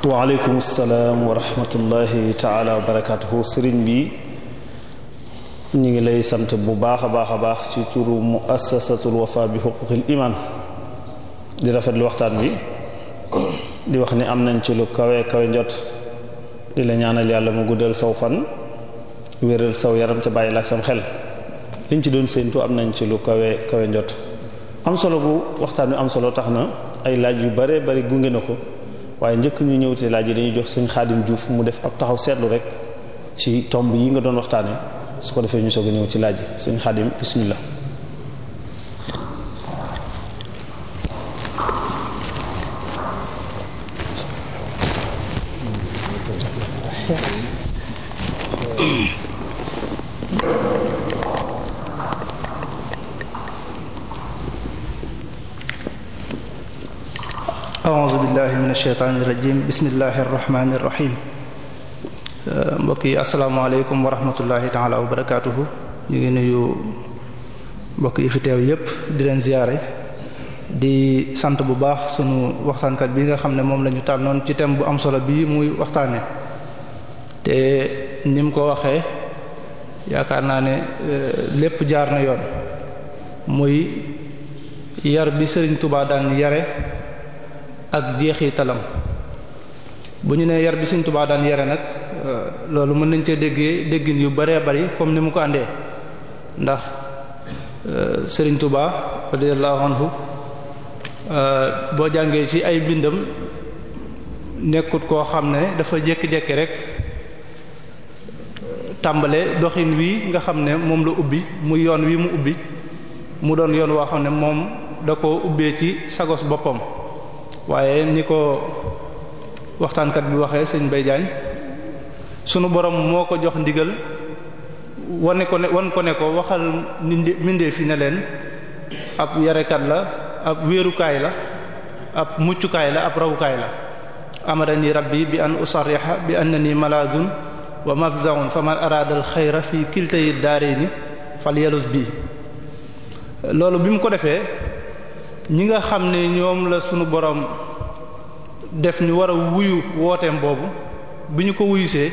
waaleykum salaam wa rahmatullahi taala wa barakaatuhu sëriñ bi ñu ngi lay sant bu baax a baax a baax ci turu muassasatul wafa bi xuquqil di rafet waxtaan bi di wax ni am nañ ci lu kawe kawe njot di la ñaanal yàlla mu guddal saw fan wéral saw yaram ca bàyyi la ak sam xel liñ ci doon séentu am nañ ci lu kawe kawe njot am solo bu waxtaan bi am solo tax na ay laaj yu bare bari gunge na ko waaye njëkk ñu ñëw ci laaj yi dañuy jox sëñ Xaadim Diouf mu def ab taxaw seetlu rek ci tomb yi nga doon waxtaane su ko defee ñu soog a ñëw ci laaj yi sëñ Xaadim bismillah sheytaani irajim bismillahi arrahmani irrahim uh, mbokk yi asalaamaaleykum wa rahmatullahi taala wa barakatuhu ñu ngi nuyu mbokk yi fi teew yépp di leen ziyaare di sant bu baax sunu waxtaankat bi nga xam ne moom lañu tànnoon ci thème bu am solo bii muy waxtaane te ni ko waxee yaakaar naa ne uh, lépp jaar na yoon muy yar bi Sëriñ Tuubaa daan yare ak jeexi jeexitalam bu ñu nee yar bi Sëriñ Tuubaa daan yare nag euh, loolu mën nañ cee déggee déggin yu baree bari comme ni mu ko àndee ndax euh, Sëriñ Tuubaa radiyallahu anhu euh, boo jàngee ci ay bindam nekkut koo xam ne dafa jékki-jékki rek tàmbale doxin wi nga xam ne moom la ubbi mu yoon wi mu ubbi mu doon yoon woo xam ne moom da koo ubbee ci sagos boppam waaye ni ko waxtaankat bi waxee sëñ Baye Diagne sunu borom moo ko jox ndigal wane ko ne wan ko ne ko waxal mbindee fi ne leen ab yarekat la ab wéerukaay la ab muccukaay la ab rawukaay la amarani rabbi bi an usarriha bi annani malazun wa mafzaun faman arada al xayra fi kiltay daarayni falyalus bi loolu bi mu ko defee ñi nga xam ne ñoom la sunu boroom def ñu war a wuyu wooteem boobu bi ñu ko wuyusee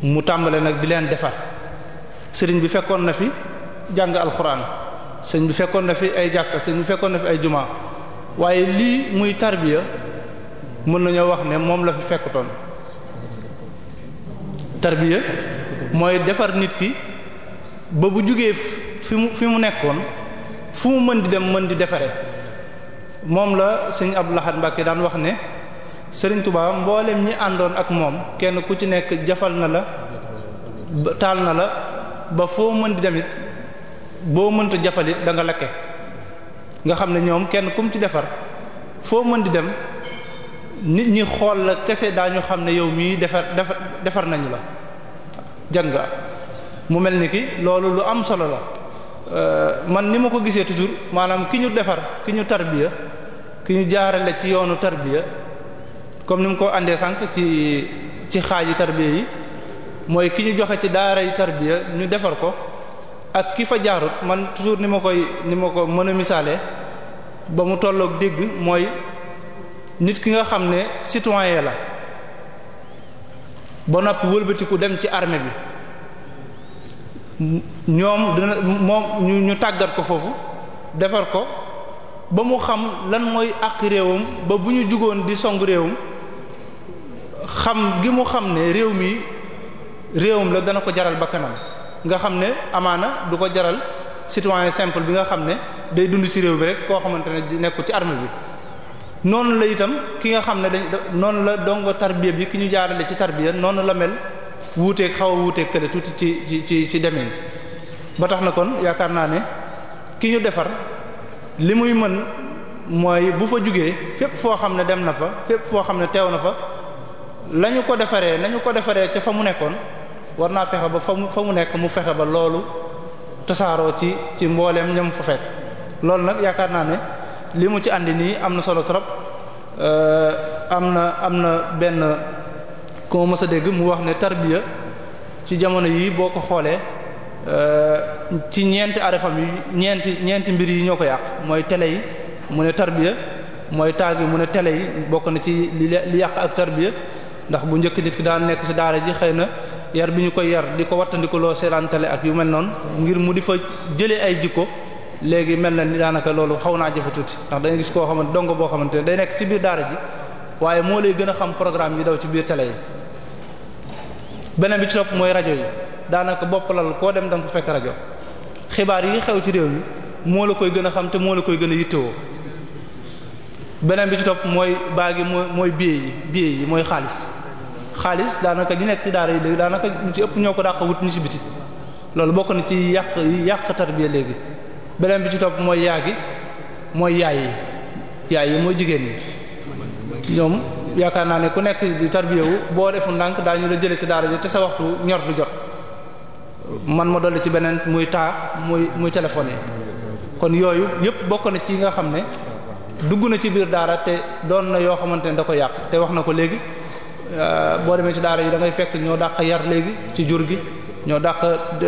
mu tàmbale nag di leen defar sëriñ bi fekkoon na fi jàng alxuraan sëriñ bi fekkoon na fi ay jàkka sëriñ bi fekkoon na fi ay jumaa waaye lii muy tarbiya mën nañoo wax ne moom la fi fekkutoon tarbiya mooy defar nit ki ba bu jugee fi mu fi mu nekkoon fu mu mën di dem mën di defare moom la sëñ Abdou Lahad Mbacké daan wax ne Sëriñ Tuubaa mboolem ñi àndoon ak moom kenn ku ci nekk jafal na la taal na la ba foo mën di demit boo mënta jafalit da nga lakke nga xam ne ñoom kenn kum ci defar foo mën di dem nit ñi xool la kese daañu xam ne yow mii defar defar defar nañu la jag jàng mu mel ni ki loolu lu am solo la Euh, man ni ma ko gisee toujours maanaam ki ñu defar ki ñu tarbiya ki ñu jaarale ci yoonu tarbiya comme ni ma ko àndee sànq ci ci xaaji tarbiya yi mooy ki ñu joxe ci daara yi tarbiya ñu defar ko ak ki fa jaarut man toujours ni ma koy ni ma ko mën a misaalee ba mu tolloog dégg mooy nit ki nga xam ne citoyen la ba noppi wëlbatiku dem ci armée bi ñoom dina moom ñu ñu tàggat ko foofu defar ko ba mu xam lan mooy àq réewam ba bu ñu jugoon di song réewam xam gi mu xam ne réew mii réewam la dana ko jaral bakkanam nga xam ne amaana du ko jaral citoyen simple bi nga xam ne day dund ci réew bi rek koo xamante ne nekkul ci armée bi noonu la itam ki nga xam ne dañ noonu la dongo tarbiya bi ki ñu jaarale ci tarbiya noonu la mel wuuteeg xaw a wuuteeg kële tuuti ci ci ci ci demin ba tax na kon yaakaar naa ne ki ñu defar li muy mën mooy bu fa jógee fépp foo xam ne dem na fa fépp foo xam ne teew na fa lañu ko defaree nañu ko defaree ca fa mu nekkoon war naa fexe ba fa mu fa mu nekk mu fexe ba loolu tasaaroo ci ci mbooleem ñam fa fekk loolu nag yaakaar naa ne li mu ci àndi nii am na solo trop euh, am na am na benn ku ma mës a dégg mu wax ne tarbiya ci jamono yii boo ko xoolee euh, ci ñeenti arefam yi ñeenti ñeenti mbir yi ñoo ko yàq mooy télé yi mu ne tarbiya mooy taag yi mu ne télé yi bokk na ci li li yàq ak tarbiya ndax bu njëkk nit ki daan nekk ci daara ji xëy na yar bi ñu koy yar di ko wattandiku loo seetaan yu mel noonu ngir mu di fa jële ay jikko léegi mel na ni daanaka loolu xaw naa jafe tuuti ndax dangay gis koo xamante dongo boo xamante ne day nekk ci biir daara ji waaye moo lay gën a xam programme yi daw ci biir télé yi beneen bi ci topp mooy rajo yi daanaka boppalal koo dem da nga ko fekk rajo xibaar yi xew ci réew mi moo la koy gën a xam te moo la koy gën a yittewoo beneen bi ci topp mooy baagi mooy mooy billet yi billet yi mooy xaalis xaalis daanaka ñi nekk ci yi léegi daanaka ñu ci ëpp ñoo ko dàq wut ni ci biti loolu bokk na ci yàq yàq tarbiya léegi beneen bi ci topp mooy yaagi mooy yaay yi yaay yi mooy jigéen ñi ñoom yaakaar naa ne ku nekk di tarbiyewu boo defu ndànk daañu la jëlee ci daara ji te sa waxtu ñor du jot man ma dolli ci beneen muy taa muy muy téléphone yi kon yooyu yëpp bokk na ci nga xam ne dugg na ci biir daara te doon na yoo xamante ne da ko yàq te wax na ko léegi euh, boo demee ci daara yi dangay fekk ñoo dàq yar léegi ci jur gi ñoo dàq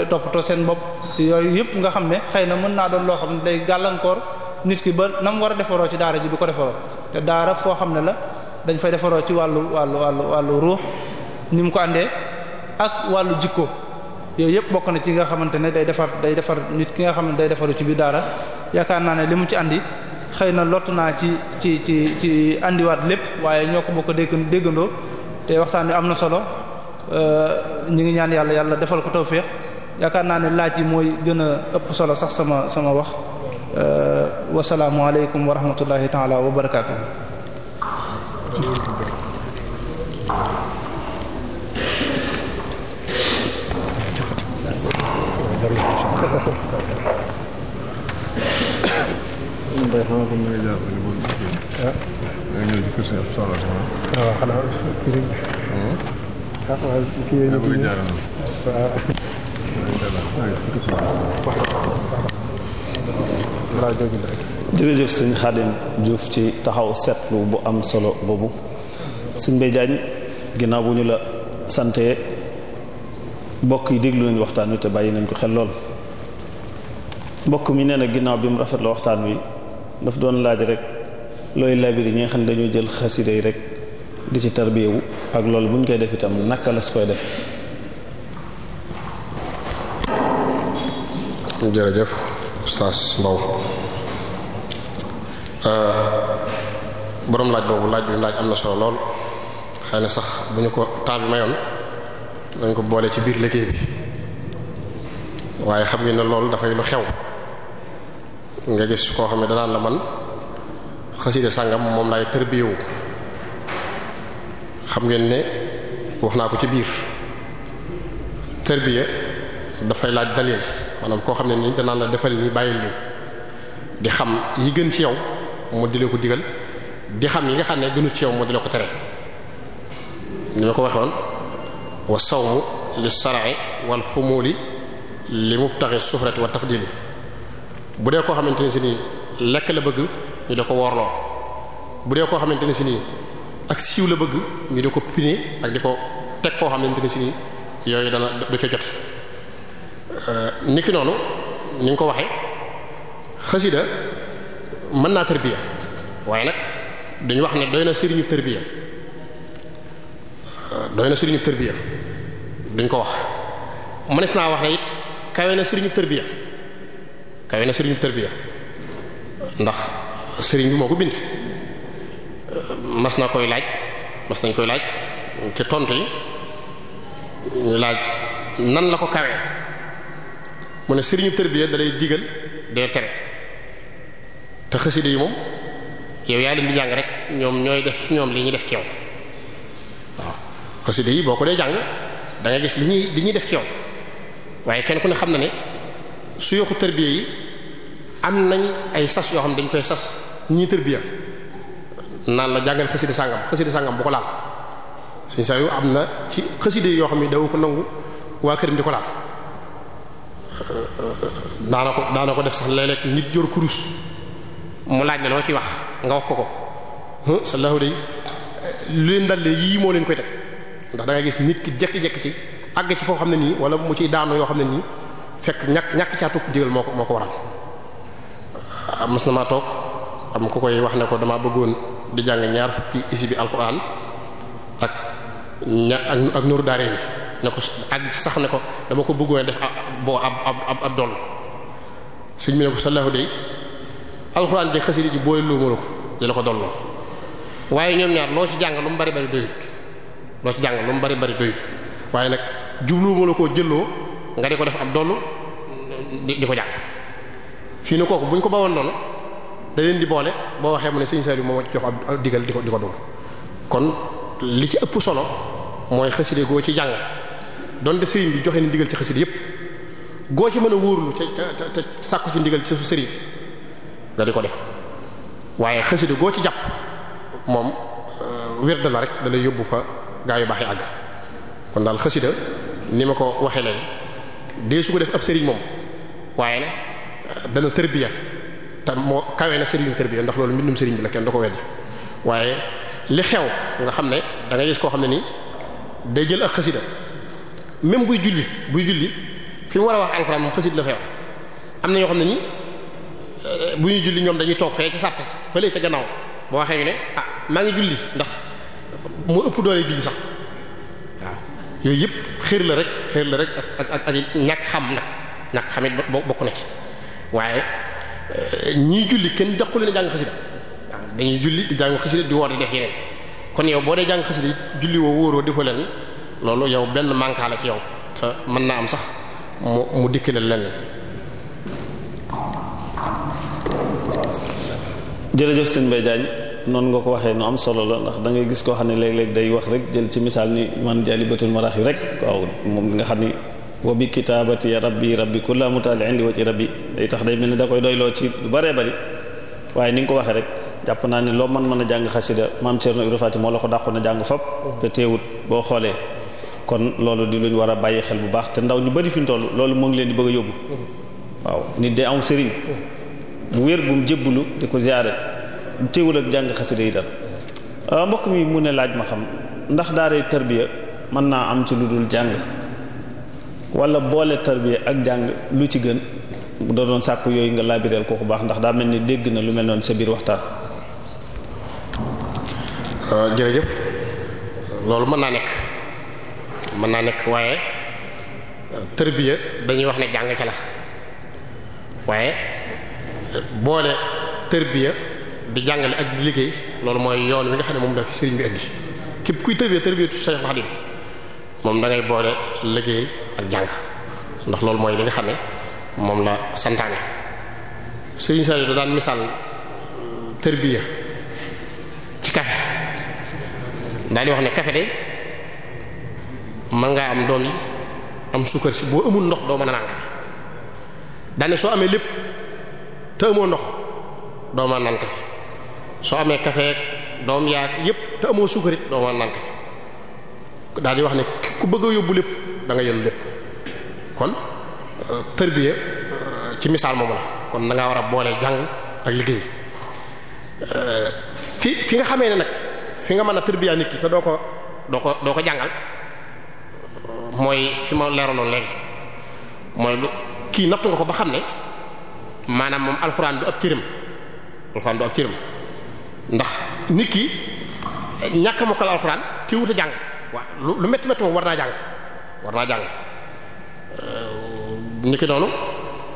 toppatoo seen bopp te yooyu yëpp nga xam ne xëy na mën naa doon loo xam ne day gàllankoor nit ki ba nam war a defaroo ci daara ji du ko defaroo te daara foo xam ne la dañ fay defaroo ci wàllu wàllu wàllu wàllu ruux ni mu ko àndee ak wàllu jikko yooyu yëpp bokk na ci nga xamante ne day defar day defar nit ki nga xam ne day defaru ci biir daara yaakaar naa ne li mu ci andi xëy na lot naa ci ci ci ci andiwaat lépp waaye ñoo ko bokk dégg déggandoo te waxtaan wi am na solo euh, ñu ngi ñaan yàlla yàlla defal ko tawféex yaakaar naa ne laaj yi mooy gën a ëpp solo sax sama sama wax euh, wasalaamualeykum wa rahmatullahi taala wa barakaatu. waaw xam nga mën ci si ab soxla si taxaw seetlu bu am solo boobu. sëñ Mbaye Diagne ginnaaw bu ñu la sante mbokk yi déglu nañu waxtaan wi te bàyyi nañ ko xel lool mbokk mi nee na ginnaaw bi mu rafet la waxtaan wi dafa doon laaj rek looy labiri ñi nga xam ne dañoo jël xasida yi rek di ci tarbiyewu ak loolu bu ñu koy def itam naka la su koy def jërëjëf Oustaz Mbow euh, borom laaj boobu laaj bi laaj am na solo lool xëy sax bu ñu ko temps bi mayoon dañ ko boole ci biir liggéey bi waaye xam ngeen ne loolu dafay lu xew nga gis koo xam ne danaan la man xasida sàngam moom laay tërbiyewu xam ngeen ne wax naa ko ci biir tërbiye dafay laaj dalil maanaam koo xam ne ni danaan la defal ni bàyyil li di xam yi gën ci yow mu di la ko digal di xam yi nga xam ne gënu ci yow mu di la ko tere ni ma ko waxoon wa sawmu li sar'i wal xumuuli li mubtaxi sufrati wa tafdili bu dee koo xamante ne si nii lekk la bëgg ñu da ko woorloo bu dee koo xamante ne si nii ak siiw la bëgg ñu di ko pine ak di ko teg foo xamante ne si nii yooyu dana du ca jot niki noonu ni nga ko waxee xasida mën naa tërbiya waaye nag duñ wax ne doy na sëriñu tërbiya doy na sëriñu tërbiya duñ ko wax mënees naa wax ne it kawe na sëriñu tërbiya kawe na sëriñu tërbiya ndax sëriñ bi moo ko bind mas na koy laaj mas nañ koy laaj ci tontu yi laaj nan la ko kawee mu ne sëriñu tërbiya dalay lay digal dina tere te xasida yi moom yow yaa leen di jàng rek ñoom ñooy def ñoom li ñuy def ci yow xasida yi boo ko dee jàng da gis li ñuy di ñuy def ci yoon waaye kenn ku ne xam na ne su yoxu tërbiya yi am nañ ay sas yoo xam dañ koy sas ñii tërbiya naan la jàngal xasida sàngam xasida sàngam bu ko laal suñu saa yu am na ci xasida yoo xam ne daw ko nangu waa këram ko laal daana ko daana ko def sax léeg-léeg nit kurus mu laaj la loo ciy wax nga ko ko sallahu alayhi lu leen dal yii moo leen koy teg ndax da gis nit ki jekki-jekki ci àgg ci foo xam ne nii wala mu ciy daanu yoo xam ne nii fekk ñàkk ñàkk caa tukk digal moo ko moo ko waral ah, mas na maa toog am ko koy wax ne ko dama bëggoon di jàng ñaar fukki isi bi alxuraan ak ña ak nuuru ne ko ak sax ne ko dama ko bëggoon def boo ab ab ab doll sëñ ko sallahu day alxuraan ji xasida boole loo mënu ko di la ko dolloo waaye ñoom ñaar loo ci jàng lu mu bari bari doyut loo ci jàng lu mu bari bari doyut waaye nag jubluwuma la koo jëloo nga di ko def ab donn di ko jàng fii ne kooku bu ñu ko bawoon noonu da di boole boo waxee mu ne sëñ Saliou moom moo ci jox ab digal di ko di ko kon li ci ëpp solo mooy xaside ci jàng donte sëriñ bi joxe ni digal ci xaside yépp goo ci mën a wóorlu ca ca ca sàkku ci ndigal ci sëriñ nga di ko def waaye xaside goo ci jàpp moom euh, wér da la rek da yóbbu fa gaa yu baax yi àgg kon daal xasida ni ma ko waxee léegi dee su ko def ab sëriñ moom waaye na eh, dana tërbiya te moo kawee na sëriñ tërbiya ndax loolu mbindum sëriñ bi la kenn da ko weddi waaye li xew nga xam ne da nga gis koo xam ne nii day jël ak xasida même buy julli buy julli fi mu war a wax alxuraan moom xasida la fay am na ñoo xam ne nii eh, bu ñuy julli ñoom dañuy toog fee ca sàppe fële ca gannaaw boo waxee ne ah maa ngi julli ndax moo ëpp doole julli sax waaw yooyu yëpp xër rek xër rek ak ak ak ñàkk xam nag ñàkk bo bokk na ci waaye euh, ñii julli kenn daqu leen jàng xasida dañuy julli di jàng xasida di woor di def yeneen kon yow boo dee jàng xasida julli woo wóoroo defoo leen loolu yow benn mankaa la ci yow te mën naa am sax mu mu dikkale leneen jërëjëf sëñ Mbaye Diagne noonu nga ko waxee nu am solo la ndax da ngay gis koo xam ne léeg-léeg day wax rek jël ci misaal ni man jaalibatul maraax yi rek waaw moom nga xam ni wa bi kitaabati ya rabbi rabbi kulla mutaali indi wa ci rabbi day tax day mel ni naa ni loo mën mën a jàng xasida maam Cerno Ibra Faati moo ko dàqu na jàng fop te teewut boo xoolee kon di lu war a bàyyi xel bu baax te ndaw ñu bari fi ñu toll loolu moo ngi leen di bëgg a yóbbu waaw nit day am sëriñ bu wér bu mu jébbulu di ko ziyaare téewul ak jàng xasida yi dara ah, mbokk mi mu ne laaj ma xam ndax daaray tarbiya mën naa am ci lu dul jàng wala boole tarbiya ak jàng lu ci gën da doon sàkku yooyu nga laabireel ko ku baax ndax daa mel ni dégg na lu mel noonu sa biir waxtaan ah, jërëjëf loolu mën naa nekk mën naa nekk waaye tarbiya dañuy wax ne jàng ca waaye boole tarbiya di jàngale ak liggéey loolu mooy yoon wi nga xam ne moom la fi sëriñ bi indi képp kuy tërbiya tërbiyatu Seex Xaadim moom da ngay boole liggéey ak jàng ndax loolu mooy li nga xam ne moom la santaane sëriñ sa da daan misaal euh, tërbiya ci kafe daal di wax ne kafe de mën ngaa am doom yi am suukar si boo amul ndox doo mën a naan kafe soo amee lépp te amoo ndox dooma mën soo amee kafeek doom yaag yépp te amoo suukarit doo mën naan kafe daal di wax ne ku bëgg a yóbbu lépp da nga yenu lépp kon euh, tërbiya euh, ci misaal moom la kon da ngaa war a boole jàng ak liggéey euh, fi fi nga xamee ne nag fi nga mën a tërbiya nit ki te doo ko doo ko doo ko jàngal mooy fi ma leeraloon léegi mooy kii nattu nga ko ba xam ne maanaam moom alxuraan du ab cëram alxuraan du ab cëram ndax nit ki ñàkk a mokkal alxuraan te wut a jàng waaw lu métti métti moom war naa jàng war naa jàng nit noonu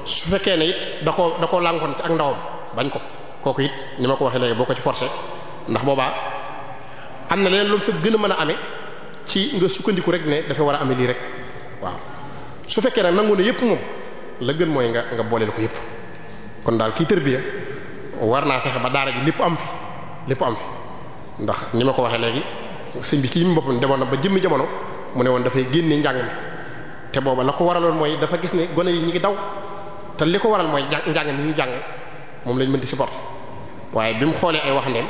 su fekkee ne it da koo da koo lànkoon ci ak ndawam bañ ko kooku it ni ma ko waxee léegi boo ko ci forcé ndax boobaa am na leen lu mu fi gën a mën a ame ci nga sukkandiku rek ne dafa war a ame lii rek waaw su fekkee nag nangu ne yépp moom la gën mooy nga nga booleel ko yépp kon daal kii tërbiya war naa fexe ba daara ji lépp am fi lépp am fi ndax ni ma ko waxee léegi sëñ bi ci yim boppam demoon na ba jëmmi jamono mu ne woon dafay génne njàng mi te booba la ko waraloon mooy dafa gis ne gone yi ñu ngi daw te li ko waral mooy njàng mi ñu jàng moom lañ mën di supporter waaye bi mu xoolee ay wax ndeem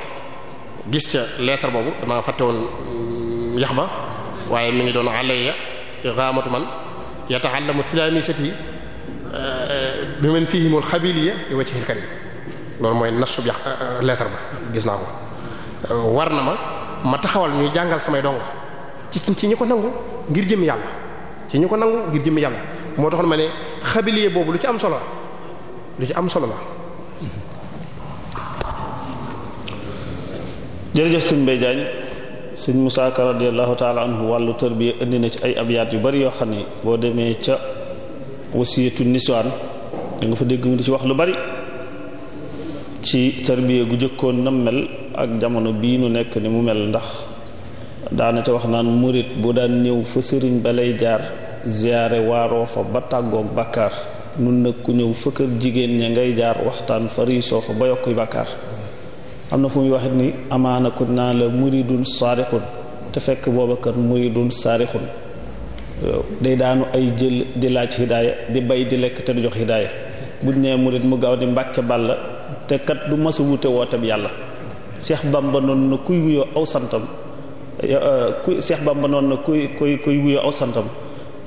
gis ca lettre boobu damaa fàtte woon mm, yax ba waaye mu ngi doon alayya ghamatu man yata'allamu tilamisati eh, eh, bi man fihimul xabiliya li wajhil karim loolu mooy nasub yax euh, lettre ba gis naa ko euh, war na ma ma taxawal ñuy jàngal samay dong ci ci ñi ko nangu ngir jëm yàlla ci ñi ko nangu ngir jëm yàlla moo taxoon ma ne xabiliyee boobu lu ci am solo la lu ci am solo la. jërëjëf sëñ Mbaye Diagne sëñ Moussa Ka radiyallahu ta'ala anhu wàllu tarbiya indi na ci ay abyaat yu bari yoo xam ne boo demee ca wasiyatu niswaan da nga fa dégg mu di ci wax lu bari. ci tarbiya gu jëkkoon nam mel ak jamono bii nu nekk ni mu mel ndax daana ca wax naan murit bu daan ñëw fa sëriñ ba lay jaar ziyaare waaroo fa ba tàggoog bàkkaar nun nag ku ñëw fa kër jigéen ña ngay jaar waxtaan fa riisoo fa ba yokkuy bàkkaar am na fu muy waxit ni amaana naa la muridun saarixun te fekk booba kër muridun saarixun day daanu ay jël di laaj hidaaya di bay di lekk te du jox hidaaya buñ nee murit mu gaaw di mbàkke bàll te kat du masa wute wooteem yàlla Seex Bamba noonu na kuy wuyoo aw santam euh, ku Seex Bamba noonu na kuy kuy kuy wuyoo aw santam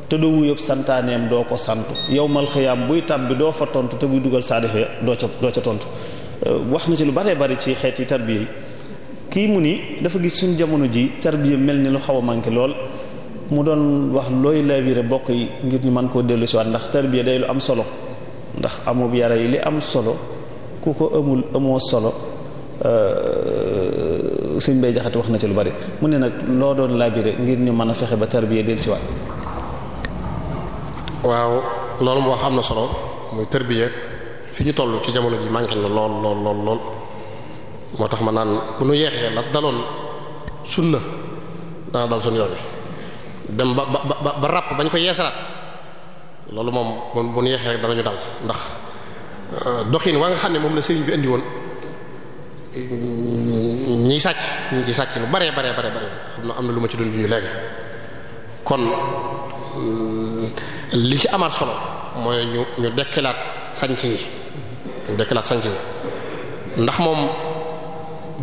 te doo wuyoo santaaneem doo ko santu yowmal xiyaam buy tàbbi doo fa tontu te buy dugal saadix ya doo ca doo ca tontu euh, wax na ci lu bare bari ci xeeti tarbiya yi kii mu ni dafa gis suñ jamono ji tarbiya mel ni lu xaw a manqué lool mu doon wax looy labiré bokk yi ngir ñu man koo dellusiwaat ndax tarbiya day lu am solo ndax amub yara yi li am solo ku ko amul amoo solo euh, sëñ bay jaxati wax na ci lu bari mu ne nag loo doon labiré ngir ñu mën a fexe ba tarbiya si siwaat waaw loolu mu wax am na solo muy tarbiya fi ñu toll ci jamono ji manqué na lool lool lool lool moo tax ma naan bu ñu yeexee la daloon sunna dana dal suñu yoon dem ba ba ba ràpp bañ ko yeesalaat loolu moom bu ñu yeexee rek danañu dal ndax Euh, doxin waa nga xam ne moom la sëriñ bi indi woon ñiy sàcc ñi ci sàcc lu bare bare bare bare xam na am na lu ma ci doon ñu léegi kon euh, li ci amaat solo mooy ñu ñu dekkalaat sànc yi ñu dekkalaat sànc yi ndax moom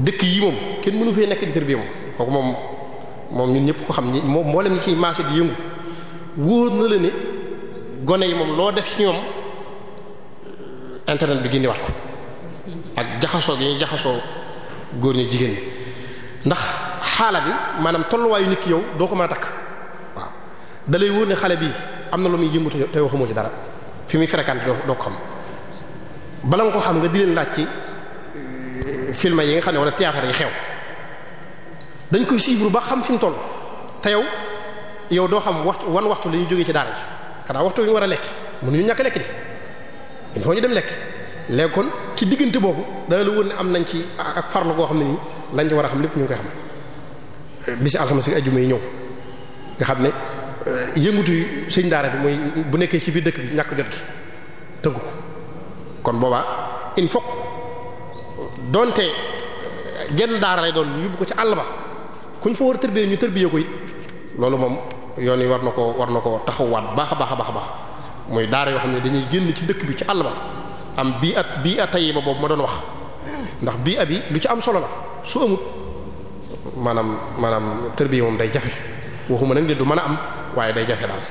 dëkk yi moom kenn mënu fee nekk di tër bi moom kooku moom moom ñun ñëpp ko xam ni moom mboolem ñi ciy maase di yëngu wóor na la ne gone yi moom loo def ci ñoom internet bi génne wat ko ak jaxasoo gi ñuy jaxasoo góor ñu jigéen ñi ndax xaala bi maanaam tolluwaayu nit ki yow doo ko mën a takk waaw dalay wóor ne xale bii am na lu muy yëngu te waxumoo ci dara fi muy fréquente doo ko xam bala nga ko xam nga di leen laaj ci euh, film yi nga xam ne wala théâtre yi xew dañ koy suivre ba xam fi mu toll te yow yow doo xam waxtu wan waxtu la ñu jógee ci daara ji xanaa waxtu wi ñu war a lekk mënuñu ñàkk lekk di il faut ñu dem lekk léegi ci diggante boobu dana la wër am nañ ci ak farlu goo xam ne nii lañ ci war a xam lépp ñu ngi koy xam bisi alxames ak ajjuma yi ñëw nga xam ne euh, yëngutu sëñ daara bi mooy bu nekkee ci biir dëkk bi ñàkk jot gi tënk ko kon boobaa il faut donte genn daara lay doon yóbbu ko ci àll ba kuñ fa war tërbiyee ñu tërbiyee ko it loolu moom yoon yi war na ko war na ko taxawaat baax a baax a baax a baax mooy daara yoo xam ne dañuy génn ci dëkk bi ci àll ba am bii at bii at ba boobu ma doon wax ndax bii at bi lu ci am solo la su amut maanaam maanaam tërbiya moom day jafe waxuma nag ne du mën a am waaye day jafe daal.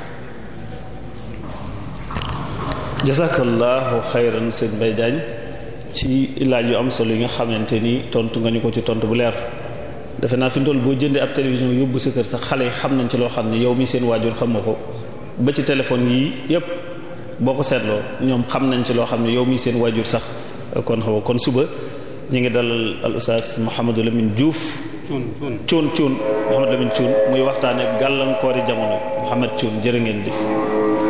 jazakallahu xayran sëñ Mbaye Diagne ci laaj yu am solo yi nga xamante ni tontu nga ñu ko ci tontu bu leer defe naa fi mu boo jëndee ab télévision yóbbu sa kër sax xale yi xam nañ ci loo xam ne yow mi seen waajur xamoo ko ba ci téléphone yii yépp boo ko seetloo ñoom xam nañ ci loo xam ne yow mi seen waajur sax kon xaw kon suba ñu ngi dal al ustaas Mouhamadou Lamine Diouf. Cuun Cuun Cuun Cuun Mouhamadou Lamine Cuun muy waxtaane gàllankoori jamono Mouhamad Cuun jërë ngeen jëf.